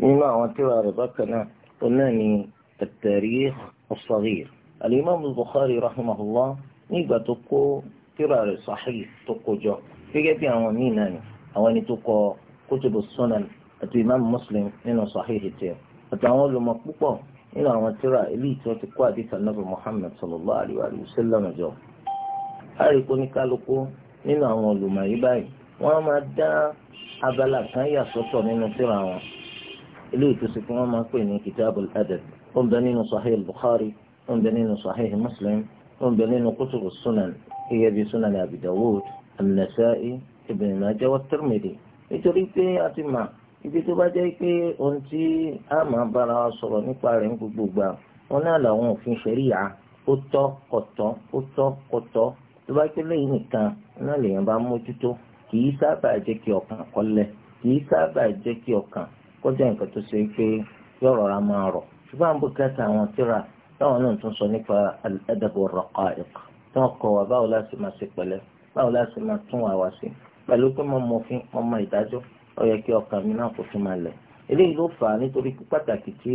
nínú àwọn tíra rẹ̀ bákan náà ó náà ní at-Tarikh as-Saghir al-Imam al-Bukhari rahimahullah nígbà tó kó tíra rẹ̀ Sahih tó kó jọ gẹ́gẹ́ bí àwọn míì náà ni àwọn ẹni tó kọ Kutubu Sunan àti Imam Muslim nínú Sahih tiẹ̀ àtàwọn olùmọ̀ púpọ̀ nínú àwọn tíra eléyìí tí wọ́n ti kó àdìsá nàbì Muhammad sallallahu alayhi wa sallam jọ àríkó ní kálukú nínú àwọn olùmọ̀ yìí báyìí wọ́n máa dá abala kan yà sọ́tọ̀ nínú tírà wọn eléyìí tó sì fún wọn máa ń pè ní kitabul adab ó ń bẹ nínú sahih bukhari ó ń bẹ nínú sahih muslim ó ń bẹ nínú kutubu sunan iye bíi sunan abi dawud an-nasa'i ibn majah wa tirmidhi nítorí pé a ti mà ibi tó bá jẹ́ pé ohun tí a máa bára wa sọ̀rọ̀ nípa rẹ̀ ń gbogbo gbà wọn náà làwọn òfin ṣẹ̀ríyà ó tọ́ kọ̀tọ́ ó tọ́ kọ̀tọ́ tó bá pé lẹ́yìn nìkan náà lèèyàn bá mójútó kì í sábà jẹ́ kí ọkàn kọ́lẹ̀ kì í sábà jẹ́ kí ọkàn kọjá nǹkan tó ṣe pé yọ̀rọ̀ ra máa rọ̀ ṣùgbọ́n àwọn bùkátà àwọn tíra táwọn náà tún sọ nípa al-adab ar-raqa'iq tí wọ́n kọ́ wa báwo láti máa ṣe pẹ̀lẹ́ báwo láti máa tún wa wá sí pẹ̀lú pé mo mọ òfin mo mọ ìdájọ́ ó yẹ kí ọkàn mi náà kò tún máa lẹ̀ eléyìí ló fà á nítorí pàtàkì tí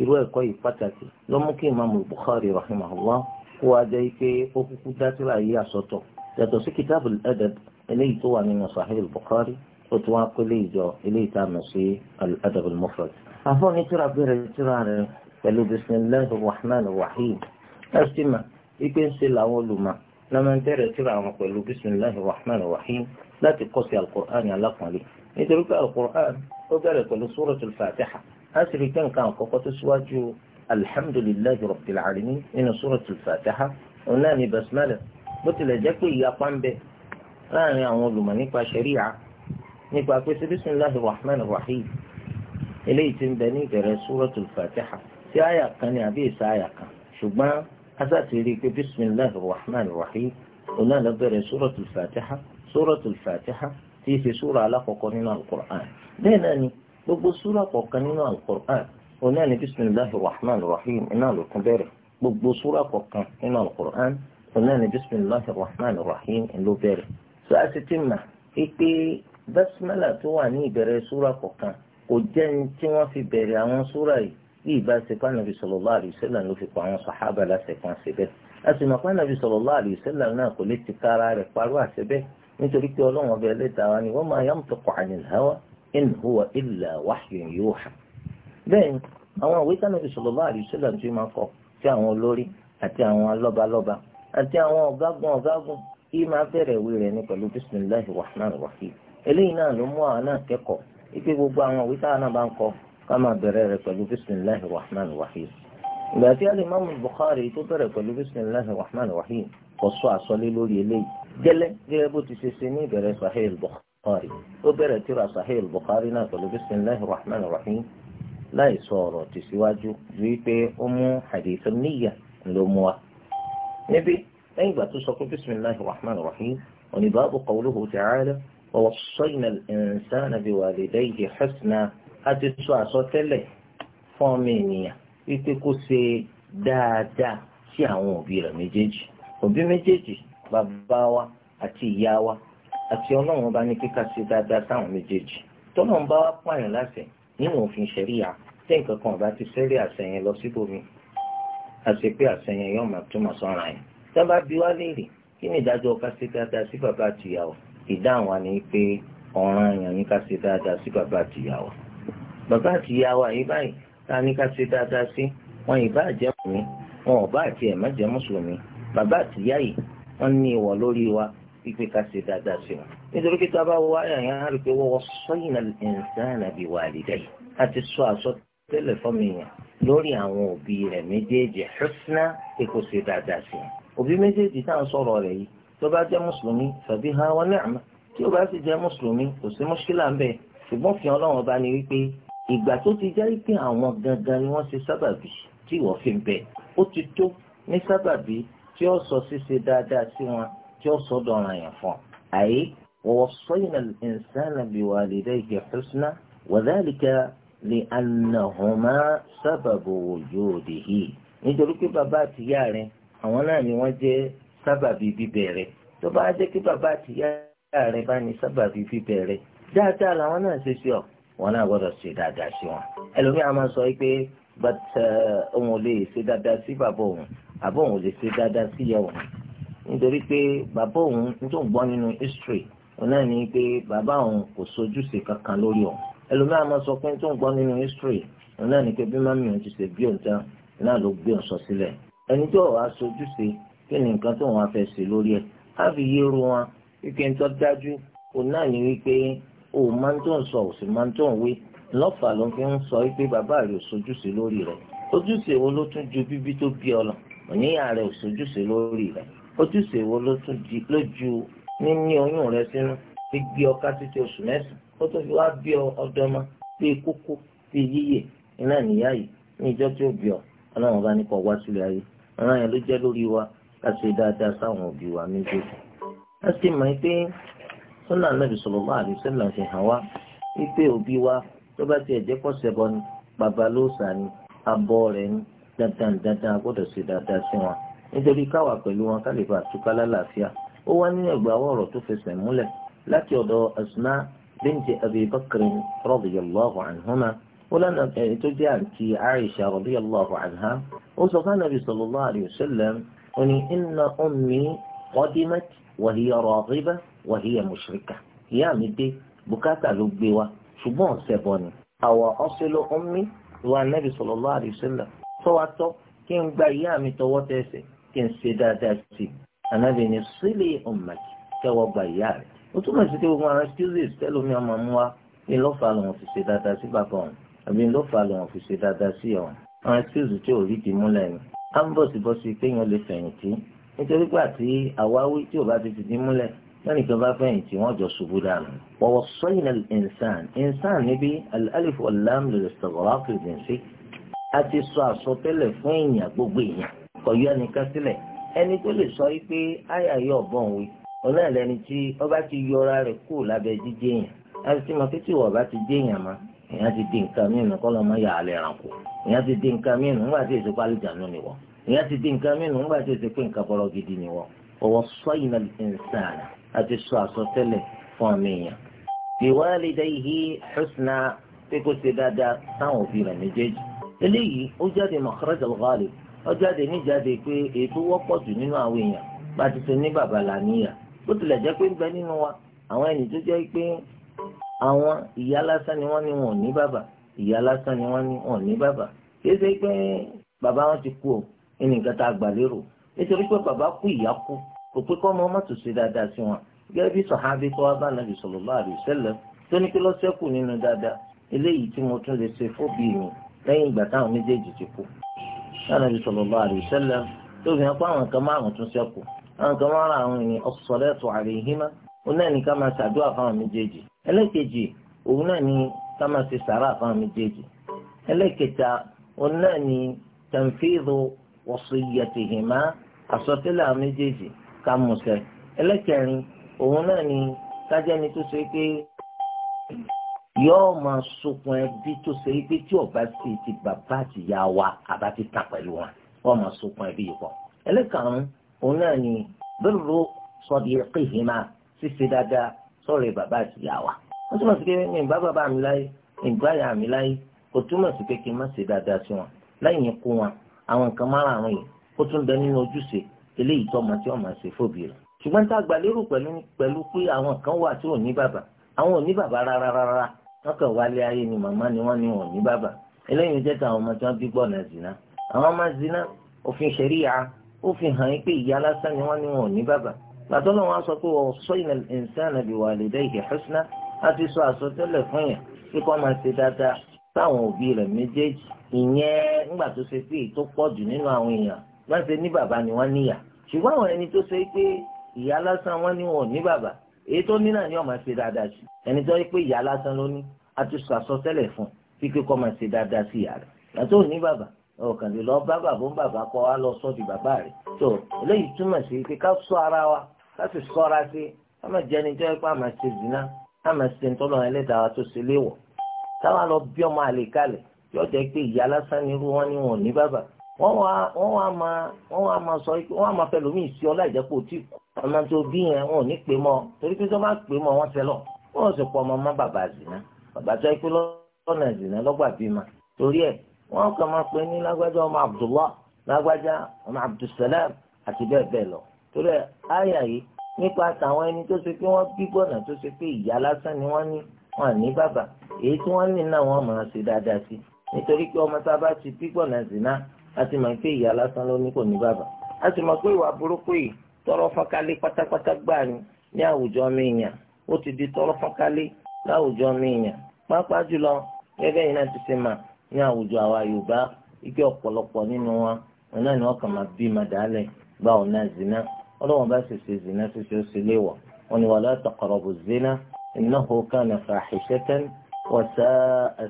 irú ẹ̀kọ́ yìí pàtàkì ló mú kí ìmáàmù Bukhari rahimahullah kó wa jẹ́ pé ó kúkú dá tíra yìí àsọtọ̀ yàtọ̀ sí kitabul adab eléyìí tó wà nínú Sahih al-Bukhari ó tún wá pé eléyìí jọ eléyìí tá a mọ̀ sí al-Adab al-Mufrad. àfọ̀nì tíra bẹ̀rẹ̀ tíra rẹ̀ pẹ̀lú bisimilahi rahman rahim ẹ̀sìmà ipe ń ṣe làwọn olùmọ̀ náà máa ń bẹ̀rẹ̀ tíra wọn pẹ̀lú bisimilahi rahman rahim láti kọ́ sí al-Qur'an alákùnrin nítorí pé al-Qur'an ó bẹ̀rẹ̀ pẹ̀lú suratul fatiha á sì rí kẹ́ǹkan àkọ́kọ́ tó síwájú alhamdulillahi rabbil alamin nínú suratul fatiha òun náà basmala bó tilẹ̀ jẹ́ pé ìyapa ń bẹ láàrin àwọn olùmọ̀ nípa ṣẹ̀ríà nípa pé ṣe bismillahir rahmanir rahim eléyìí ti ń bẹ ní ìbẹ̀rẹ̀ suratul fatiha sí àyà kan ní àbí ìsà àyà kan ṣùgbọ́n asáti rí i pé bismillahir rahmanir rahim òun náà lọ bẹ̀rẹ̀ suratul fatiha suratul fatiha tí í ṣe súra alákọ̀ọ́kọ́ nínú alukur'an bẹ́ẹ̀ náà ni gbogbo súra kọ̀ọ̀kan nínú alukur'an òun ni bismillahir rahmanir rahim iná ló tún bẹ̀rẹ̀ so a sì ti mà pé bẹ́símẹ́là tó wà ní ìbẹ̀rẹ̀ súra kọ̀ọ̀kan kò jẹ́ ní tí wọ́n fi bẹ̀rẹ̀ àwọn súra yìí bí ìbáṣepá nàbì sallallahu alaihi wasallam ló fi pa àwọn sàhábà láṣẹ kan síbẹ̀ a sì mọ̀ pé nàbì sallallahu alaihi wasallam náà kò lè ti kára rẹ̀ parú àṣẹbẹ̀ nítorí pé ọlọ́run ọbẹ̀ ẹlẹ́dàá wa ni wa ma yantiqu anil hawa in huwa illa wahyun yuha bẹ́ẹ̀ àwọn ìwé tánàbì sallallahu alaihi wasallam máa kọ sí àwọn olórí àti àwọn lọ́balọ́ba àti àwọn ọ̀gágun ọ̀gágun máa bẹ̀rẹ̀ ìwé rẹ̀ ní pẹ̀lú bisimilahi rahman rahim eléyìí náà ló mú àwọn náà kẹ́kọ̀ọ́ ipe gbogbo àwọn òwe táwọn náà bá ń kọ ká máa bẹ̀rẹ̀ rẹ̀ pẹ̀lú bisimilahi rahman rahim ìgbà tí alimami bukhari tó bẹ̀rẹ̀ pẹ̀lú bisimilahi rahman rahim kò sọ àsọlé lórí eléyìí gẹ́lẹ́ gẹ́lẹ́ bó ti ṣe ṣe ní ìbẹ̀rẹ̀ sahih bukhari ó bẹ̀rẹ̀ tíra sahih bukhari náà pẹ̀lú bisimilahi rahman rahim láì sọ ọ̀rọ̀ tẹ̀síwájú wípé ó mú hadith níyà ló mú wa níbi lẹ́yìn ìgbà بسم الله الرحمن الرحيم rahman قوله تعالى báàbò qawluhu ta'ala wa wassayna al-insana biwalidayhi hasna a ti sọ àsọtẹ́lẹ̀ fún ọmọ ènìyàn wípé kó ṣe dáadáa sí àwọn òbí rẹ̀ méjèèjì òbí méjèèjì bàbá wa àti ìyá wa àti ọlọ́run bá ní kíkà sí dáadáa sáwọn méjèèjì tọ́lọ́run bá wá pààyàn òfin ṣẹ̀ríà tí nǹkan kan ọ̀bá ti ṣẹ́rí àṣẹ lọ síbòmí àṣepé àṣẹ yẹn yóò máa túmọ̀ sọ́ra yẹn sábà bí wá léèrè kí ni ìdájọ́ ká ṣe dáadáa sí bàbá àtìyàwó ìdáhùn wa ni pé ọ̀ràn àyàn ní ká ṣe dáadáa sí bàbá àtìyàwó bàbá àtìyàwó àyè báyìí ta ní ká ṣe dáadáa sí wọn ìbá jẹ́ mùsùlùmí wọn ò bá àti ẹ̀ má jẹ́ mùsùlùmí bàbá àtìyá yìí wọ́n ní ìwọ̀ lórí wa pípé ká ṣe dáadáa sí wọn nítorí pé tá a bá yẹn á rí pé wọ́n sọ àsọtẹ́lẹ̀ fọ́mìyàn lórí àwọn òbí rẹ̀ méjèèjì husna pé kó ṣe dáadáa sí wọn òbí méjèèjì tá à ń sọ̀rọ̀ rẹ̀ yìí tó bá jẹ́ mùsùlùmí tàbí ha wọn náà tí ó bá sì jẹ́ mùsùlùmí kò sí mùṣkílà ń bẹ̀ ṣùgbọ́n fi ọlọ́run bá ní wípé ìgbà tó ti jẹ́ pé àwọn gangan ni wọ́n ṣe sábàbí tí ìwọ fi ń bẹ̀ ó ti tó ní sábàbí tí ó sọ ṣíṣe dáadáa sí wọn tí ó sọ dọ̀ràn yẹn fún ọ. àyè ووصينا الإنسان بوالديه حسنا وذلك لأنهما سبب وجوده nítorí pé bàbá àwọn náà ni wọ́n jẹ́ sábàbí bíbẹ̀rẹ̀ tó bá jẹ́ kí bàbá àti ìyá rẹ̀ bá ní sábàbí bíbẹ̀rẹ̀ dáadáa làwọn náà ṣe sí ọ wọn náà gbọ́dọ̀ ṣe dáadáa sí wọn ẹlòmíràn máa sọ pé bàtà uh, òun lè ṣe dáadáa sí bàbá òun àbọ̀ òun lè ṣe dáadáa sí ìyá òun nítorí pé bàbá òun tó ń gbọ́ nínú history òun náà ní pé bàbá òun kò sojúṣe kankan lórí òun ẹlòmíràn máa sọ pé tó ń gbọ́ nínú history òun náà ní pé bí mami òun ti ṣe bí òun tán náà ló gbé òun sọ sílẹ̀ ẹni tó wà sojúṣe kí ni nǹkan tó wọn fẹ́ ṣe lórí ẹ̀ káfí yéru wọn wípé ń tọ́ dájú òun náà ní wípé o máa ń tó ń sọ òsì máa ń tó ń wé lọ́fà ló fi ń sọ wípé bàbá rẹ̀ sojúṣe lórí rẹ̀ ojúṣe wo ló tún ju bíbí tó bí ọ lọ òníyà rẹ̀ sojúṣe lórí rẹ̀ ojúṣe wo ló tún ló ju níní oyún rẹ̀ sínú fi gbé ọ ká títí oṣù mẹ́sàn ó tún fi wá bí ọ ọdọmọ bí kókó bí yíyè iná nìyá yìí ní ìjọ tí ó bí ọ ọlọ́run bá ní kọ wá sílẹ̀ ayé ọ̀ràn yẹn ló jẹ́ lórí wa ká ṣe dáadáa sáwọn òbí wa méjèèjì. a sì mọ̀ pé sọ́nà anábì sallallahu alaihi wasallam fi hàn wá wípé òbí wa tó bá tiẹ̀ jẹ́ pọ̀ ṣẹbọ ni babalóòsà ni abọ́ rẹ̀ ni dandan dandan a gbọ́dọ̀ ṣe dáadáa sí wọn nítorí káwa pẹ̀lú wọn ká lè bá àtúkà lálàáfíà ó wá nínú ẹgbẹ́ ọ̀rọ̀ tó fẹsẹ̀ múlẹ̀ láti ọ̀dọ̀ Asma binti Abi Bakr radiyallahu anhuma ó lọ́nà ẹni tó jẹ́ àti Aisha radiyallahu anha ó sọ fún anabi sallallahu alayhi wa sallam ó ní inna ummi qadimat wa hiya raghiba wa hiya mushrika ìyá mi dé bùkátà ló gbé wa ṣùgbọ́n ọ̀sẹ̀ bọ̀ ni àwọ̀ ọ̀sẹ̀lẹ̀ ummi wa anabi sallallahu alayhi wa sallam sọ́wọ́tọ́ kí n gba ìyá mi tọwọ́ tẹ̀sẹ̀ kí n ṣe dáadáa sí i anabi ni sílẹ̀ ummaki kẹwọ́ gba ìyá rẹ̀ ó túmọ̀ sí pé gbogbo àwọn excuses tẹ́lómi ọmọ mú wa ní lọ́fà lòun ti ṣe dáadáa sí bàbá òun àbí ló fà lọ́wọ́n fi ṣe dáadáa sí ọ̀hún àwọn ẹ̀sìkìsì tí ò rí ti múlẹ̀ ni à ń bọ̀sibọ́sí kéèyàn lè fẹ̀yìntì nítorí pé àti àwáwí tí ò bá ti fìdí múlẹ̀ lẹ́nìkan bá fẹ̀yìntì wọ́n jọ ṣubú dànù. wọ́wọ́ sọ́yìn ẹ̀ǹsán ẹ̀ǹsán níbi alif ọ̀làm lè sọ̀rọ̀ a ti sọ àsọtẹ́lẹ̀ fún èèyàn gbogbo èèyàn kò yọ ẹnìkan ẹni tó lè sọ pé àyà yóò bọ̀ òwe ọ̀nà ìlẹ́ni tí ọba ti yọra rẹ̀ kú lábẹ́ jíjẹ́ èèyàn àti tí mo fi ti wọ̀ ti jẹ́ èèyàn èèyàn ti di nǹkan mìíràn kọ́ lọ́mọ yà á lè ràn kù èèyàn ti di nǹkan mìíràn nígbà tí èso pálíjànú ni wọ́n èèyàn ti di nǹkan mìíràn nígbà tí èso pé nǹkan gidi ni ìsàn àti sọ àsọtẹ́lẹ̀ fún ọmọ èèyàn. ihe husna pé kó ṣe dáadáa sáwọn òbí rẹ̀ méjèèjì eléyìí ó jáde makhraj al ó jáde níjáde pé wọ́pọ̀ jù nínú àwọn èèyàn bá ti àwọn ìyá lásán ni wọ́n ní wọn ò ní bàbá ìyá lásán ni wọ́n ní wọn ò ní bàbá kì í ṣe pé bàbá wọn ti kú o ní nǹkan tá a gbà lérò nítorí pé bàbá kú ìyá kú kò pé kọ́ ọmọ ọmọ tó ṣe dáadáa sí wọn gẹ́gẹ́ bí sọ̀hábí tó wá bá nàbì sallallahu alaihi wasallam tó ní kí ló ṣẹ́kù nínú dáadáa eléyìí tí mo tún lè ṣe fóbi mi lẹ́yìn ìgbà táwọn méjèèjì ti kú. nàbì sallallahu alaihi wasallam tó fi hàn pé àwọn kan márùn tún ṣẹ́kù àwọn kan márùn àwọn ènìyàn as-salatu òun náà ní ká máa ṣàdúrà fáwọn méjèèjì ẹlẹ́kejì òun náà ní ká máa ṣe sàrà fáwọn méjèèjì ẹlẹ́kẹta òun náà ní tanfidhu wasiyyatihima àsọtẹ́lẹ̀ àwọn méjèèjì ká mú ṣẹ ẹlẹ́kẹrin òun náà ní kájẹ́ni tó ṣe pé yóò máa sunkún ẹbí tó ṣe pé tí ọba ti ti bàbá àti ìyá wa àbá ti tà pẹ̀lú wọn wọ́n máa sunkún ẹbí yìí pọ̀ ẹlẹ́karùn òun náà ní birru sadiqihima ṣíṣe dáadáa sọ̀rọ̀ bàbá àti ìyá wa wọ́n túmọ̀ sí pé mi ìgbà bàbá mi láyé ìgbà ìyá mi láyé kò túmọ̀ sí pé kí n má ṣe dáadáa sí wọn lẹ́yìn ikú wọn àwọn nǹkan márààrún yìí ó tún bẹ nínú ojúṣe eléyìí tó ọmọ tí ọmọ ṣe fòbí rẹ̀ ṣùgbọ́n tá a gbà lérò pẹ̀lú pé àwọn kan wà tí ò ní bàbá àwọn ò ní bàbá rárá wọn kàn wálé ayé ni màmá ni wọn ni wọn ò ní bàbá eléyìí jẹ́ tàwọn ọmọ tí wọ́n bí gbọ́nà zina àwọn ọmọ zina òfin ṣẹ̀ríyà ó fi hàn yín pé ìyá lásán ni wọ́n ni wọn ò ní bàbá gbàtọ́nà wọn sọ pé wọ́n sọ ìnà ìnsánà bí walidayhi husna á ti sọ àsọtẹ́lẹ̀ fún yẹn kí kọ́ máa ṣe dáadáa sáwọn òbí rẹ̀ méjèèjì ìyẹn ńgbà tó ṣe pé tó pọ̀ jù nínú àwọn èèyàn wọ́n ṣe ní bàbá ni wọ́n níyà ṣùgbọ́n àwọn ẹni tó ṣe pé ìyá lásán wọ́n ní wọn ò ní bàbá èyí tó ní náà ni wọ́n máa ṣe dáadáa sí ẹni tó yẹ pé ìyá lásán ló ní a ti sọ àsọtẹ́lẹ̀ fún bí kò máa ṣe dáadáa sí ìyá rẹ̀ yàtọ̀ ní bàbá ọ̀kàn lè lọ bá bàbá bàbá kọ́ wa lọ sọ́ di bàbá rẹ̀ tó eléyìí túmọ̀ sí pé ká sọ ara wa láti sọ́ra sí ọmọ jẹni tó yẹ pé àmà ṣe zina àmà ṣe ntọ́lọ́ ẹlẹ́dàá wa tó ṣe léwọ̀ táwa lọ bí ọmọ àlè kalẹ̀ yọ jẹ́ pé ìyá lásán ni irú wọn ni wọn ò ní bàbá wọ́n wá máa wọ́n wá máa sọ pé wọ́n wá máa fẹ́ lómi ìsí ọlá o tí ọmọ tó bí yẹn wọn ò ní pè mọ́ torí pé tó bá pè mọ́ wọ́n tẹ́lọ̀ wọ́n sì pọ̀ ọmọ má bàbá zina bàbá tó yẹ pé lọ́nà zina lọ́gbà bímọ torí ẹ̀ wọ́n kàn máa pè ní lágbájá ọmọ Abdullah lágbájá ọmọ Abdulsalam àti bẹ́ẹ̀ bẹ́ẹ̀ lọ torí àyà yìí nípa tàwọn ẹni tó ṣe pé wọ́n bí gbọ̀nà tó ṣe pé ìyá lásán ni wọ́n ní wọn ní bàbá èyí tí wọ́n ní náà wọ́n máa ṣe dáadáa sí nítorí pé ọmọ tá ti bí zina a ti mọ̀ pé ìyá lásán ló ní kò ní a mọ̀ pé ìwà burúkú yìí tọrọ fọ́nkálé pátápátá gbáà ni ní àwùjọ mìíyàn ó ti di tọrọ fọ́nkálé láwùjọ mìíyàn pápá jùlọ gẹ́gẹ́ yìí náà ti ṣe mà ní àwùjọ àwa Yorùbá ike ọ̀pọ̀lọpọ̀ nínú wọn ọ̀nà ni wọ́n kàn máa bí ọ̀nà zina ọlọ́wọ́n bá ṣèṣe zina ṣíṣe ó sì léwọ̀ wọn ni wala taqrabu zina innahu kana fahishatan wa sa'a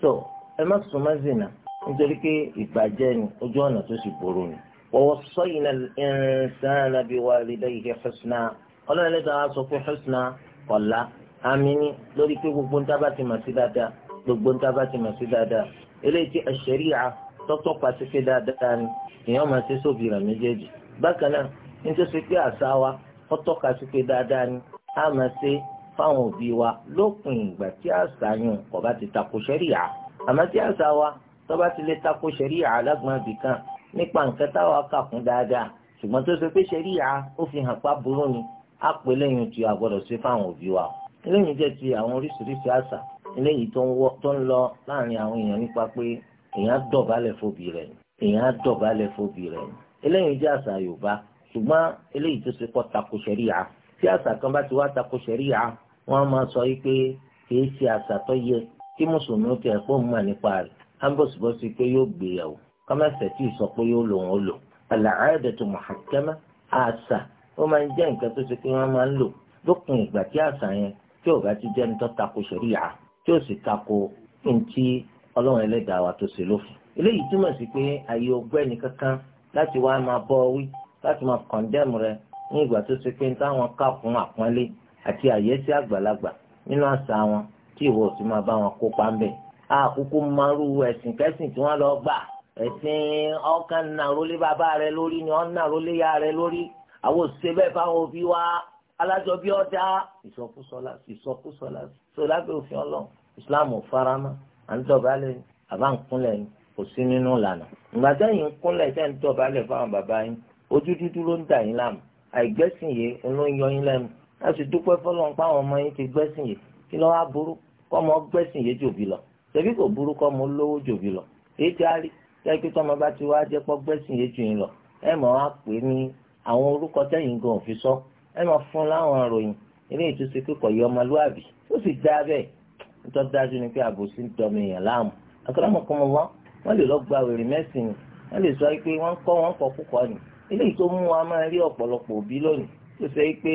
so ẹ má sùn má zina nítorí pé ìbàjẹ́ ni ojú ọ̀nà tó sì burú ni. wa wassayna al-insana biwalidayhi husna ọlọ́run lẹ́dàá sọ pé husna ọ̀la àmì ni lórí pé gbogbo ń ti mọ̀ sí dáadáa gbogbo ń ti mọ̀ sí dáadáa eléyìí tí àṣẹríà tọ́tọ́ pàṣẹ nítorí pé àṣà wa ó tọ́ka sí pé dáadáa ni a máa ṣe fáwọn òbí wa lópin ìgbà tí àṣà yun kò bá ti tako ṣẹ́ríà àmọ́ tí àṣà wa tó bá ti lè tako ṣẹ́ríà alágbọ̀nbì kan nípa nǹkan táwa kà kún dáadáa ṣùgbọ́n tó ṣe pé ṣẹ́ríà ó fi hàn pa burú ni a pè lẹ́yìn tí a gbọ́dọ̀ ṣe fáwọn òbí wa lẹ́yìn jẹ́ ti àwọn oríṣiríṣi àṣà eléyìí tó ń lọ láàrin àwọn èèyàn nípa pé èèyàn dọ̀bálẹ̀ fóbi rẹ̀ èèyàn dọ̀bálẹ̀ fóbi rẹ̀ eléyìí jẹ́ àṣà Yorùbá ṣùgbọ́n eléyìí tó ṣe kọ́ tako ṣẹ̀ríà tí àṣà kan bá ti wá tako ṣẹ̀ríà wọ́n máa sọ wípé kìí ṣe àṣà tó yẹ kí mùsùlùmí ó ti ẹ̀kọ́ mọ̀ nípa rẹ̀ ambosibosi pé yóò gbéyàwó kọ́mẹ́sẹ̀ tí ì sọ pé yóò lòun ó lò al-aadatu muhakkama àṣà ó máa ń jẹ́ nǹkan tó ṣe pé wọ́n máa ń lò lópin ìgbà tí àṣà yẹn tí ò bá ti jẹ́ nítorí tako ṣẹ̀ríà tí ò sì tako ntí ọlọ́run ẹlẹ́dàá wa tó ṣe lófin. eléyìí túmọ̀ sí pé àyè ọgbẹ́ni kankan láti wá máa bọ́ wí láti máa kọ̀ndẹ́mù rẹ ní ìgbà tó ṣe pé ń táwọn kà fún àpọ́nlé àti àyẹ́sí àgbàlagbà nínú àṣà wọn tí ìwọ sì máa bá wọn kópa ń bẹ̀. àkókò máa ẹ̀sìn kẹ́sìn tí wọ́n lọ gbà ẹ̀sìn ọkàn nàrólé bàbá rẹ lórí ni ọ̀n nàrólé ya rẹ lórí àwọn òṣìṣẹ́ bẹ́ẹ̀ fáwọn òbí wa alájọ bí ọ̀dà ìsọkúsọlá farama à ń dọ̀bálẹ̀ àbá ń kúnlẹ̀ kò sí nínú ìlànà ìgbà tẹ́yìn ń kúnlẹ̀ tẹ́ ń dọ̀bálẹ̀ fáwọn bàbá yín ojú dúdú ló ń dà yín láàmú àìgbẹ́sìn yìí ló ń yọ yín lẹ́nu a sì dúpẹ́ fọlọ́n pa àwọn ọmọ yín ti gbẹ́sìn yìí kí lọ́ wá burú kọ́mọ gbẹ́sìn yìí jòbí lọ ṣebí kò burú kọ́mọ lówó jòbí lọ èyí ti á rí jẹ́ pé tọ́mọ bá ti wá jẹ́ pọ́ gbẹ́sìn yìí jù yín lọ ẹ mọ̀ wá pè ní àwọn orúkọ tẹ́yìn gan òfin sọ ẹ mọ̀ fún láwọn àròyìn ilé ìtúsí kíkọ̀ yọ ọmọlúwàbí ó sì dá bẹ́ẹ̀ nítorí dájú pé àbòsí ń dọmi èèyàn láàmú àkọ́dọ́mọkọ́mọ wọn wọ́n lè lọ gba wèrè mẹ́sìn ni wọ́n lè sọ pé wọ́n kọ́ wọn kọ́ púpọ̀ ni eléyìí tó mú wa máa rí ọ̀pọ̀lọpọ̀ òbí lónìí tó ṣe pé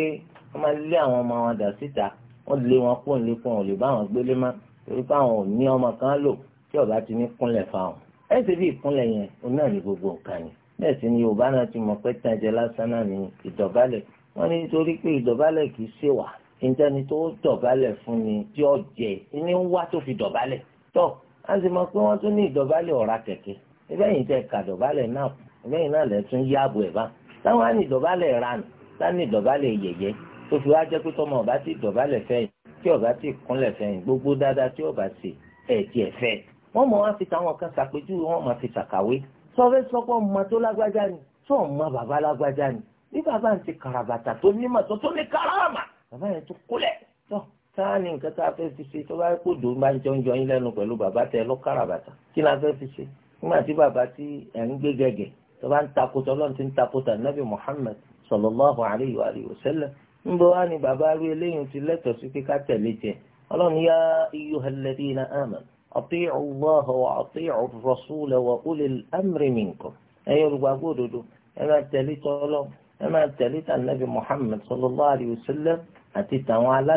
wọ́n máa lé àwọn ọmọ wọn dà síta wọ́n lé wọn kó nílé fún wọn lè bá wọn gbélé má torí pé àwọn ò ní ọmọ kan lò tí ọba ti ní kúnlẹ̀ fáwọn ẹ ṣe bí ìkúnlẹ̀ yẹn òun náà ní gbogbo nǹkan ni bẹ́ẹ̀ sì ni Yorùbá náà ti mọ̀ pé tàjẹ́ lásán náà ní ìdọ̀bálẹ̀ wọ́n ní nítorí pé ìdọ̀bálẹ̀ kì í ṣe wà ìjẹni tó dọ̀bálẹ̀ fún ni tí ó jẹ ní wá tó fi dọ̀bálẹ̀ tọ́ a sì mọ̀ pé wọ́n tún ní ìdọ̀bálẹ̀ ọ̀rá kẹ̀kẹ́ ibẹ̀ yìí tẹ kà dọ̀bálẹ̀ náà lẹ́yìn náà lẹ tún yí ààbò ẹ bá táwọn ànìdọ̀bálẹ̀ ranù tánìdọ̀bálẹ̀ yẹ̀yẹ́ tó fi wá jẹ́ pé tọmọ ọba ti dọ̀bálẹ̀ fẹ́yìn tí ọba ti kúnlẹ̀ fẹ́yìn gbogbo dáadáa tí ọba ṣe ẹ̀ tiẹ̀ fẹ́ wọ́n mọ̀ wá fi táwọn kan ṣàpèjúwe wọ́n mọ̀ fi ṣàkàwé sọfẹ́ sọ́kọ́ mọ tó lágbájá ni tó mọ bàbá lágbájá ni bí bàbá ń ti kàràbàtà tó nímọ̀ tó tó ní kàràmà bàbá yẹn tó ní nǹkan tá a fẹ́ fi ṣe tó bá kó dòun bá ń jọ ń jọ yín lẹ́nu pẹ̀lú bàbá tẹ lọ kàràbàtà kí la fẹ́ fi ṣe nígbà tí bàbá tí ẹ̀ ń gbé gẹ̀gẹ̀ tó bá ń takò tọ́lọ́n ti ń takò tà nábì Muhammad sallallahu alayhi wa alihi wa sallam ń bọ́ wá ní bàbá rí eléyìí ti lẹ́tọ̀ọ́ sí pé ká tẹ̀lé jẹ ọlọ́run yá ayyuhal ladhina amanu ati'u Allah wa ati'u ar-rasul wa ulil amri minkum ẹ̀yọ́ olùgbàgbọ́ òdodo ẹ máa tẹ̀lé tọ́lọ́ ẹ máa tẹ̀lé tà nábì Muhammad sallallahu alayhi wa sallam àti tàwọn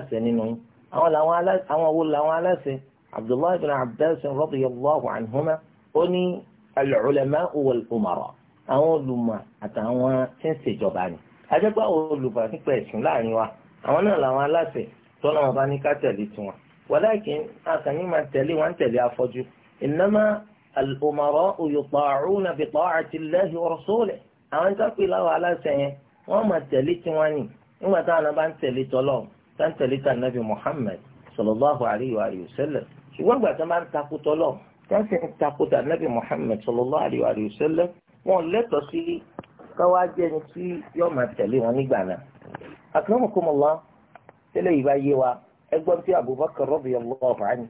àwọn olùmọ̀ àtàwọn tí ń ṣèjọba ni ajẹ́pẹ́ àwọn olùmọ̀ nípa ẹ̀sìn láàrin wa àwọn náà làwọn aláṣẹ tọ́lá wọn bá ní ká tẹ̀lé tiwọn walakin àkànní máa tẹ̀lé wọn tẹ̀lé afọ́jú innama al-umara'u yuta'una bi ta'ati Allahi wa rasulihi àwọn ìtàkùn ìlàwọ̀ aláṣẹ yẹn wọ́n máa tẹ̀lé tiwọn ni nígbà táwọn bá ń tẹ̀lé tọ́lọ́ tá ń tẹ̀lé tà nàbì Muhammad sallallahu alayhi wa sallam wọn lẹ́tọ̀ọ́ sí káwá jẹ́ ẹni tí yóò máa tẹ̀lé wọn nígbà náà. akramakumullah tẹ́lẹ̀ yìí bá yé wa ẹgbọ́n tí Abubakar radiyallahu anhu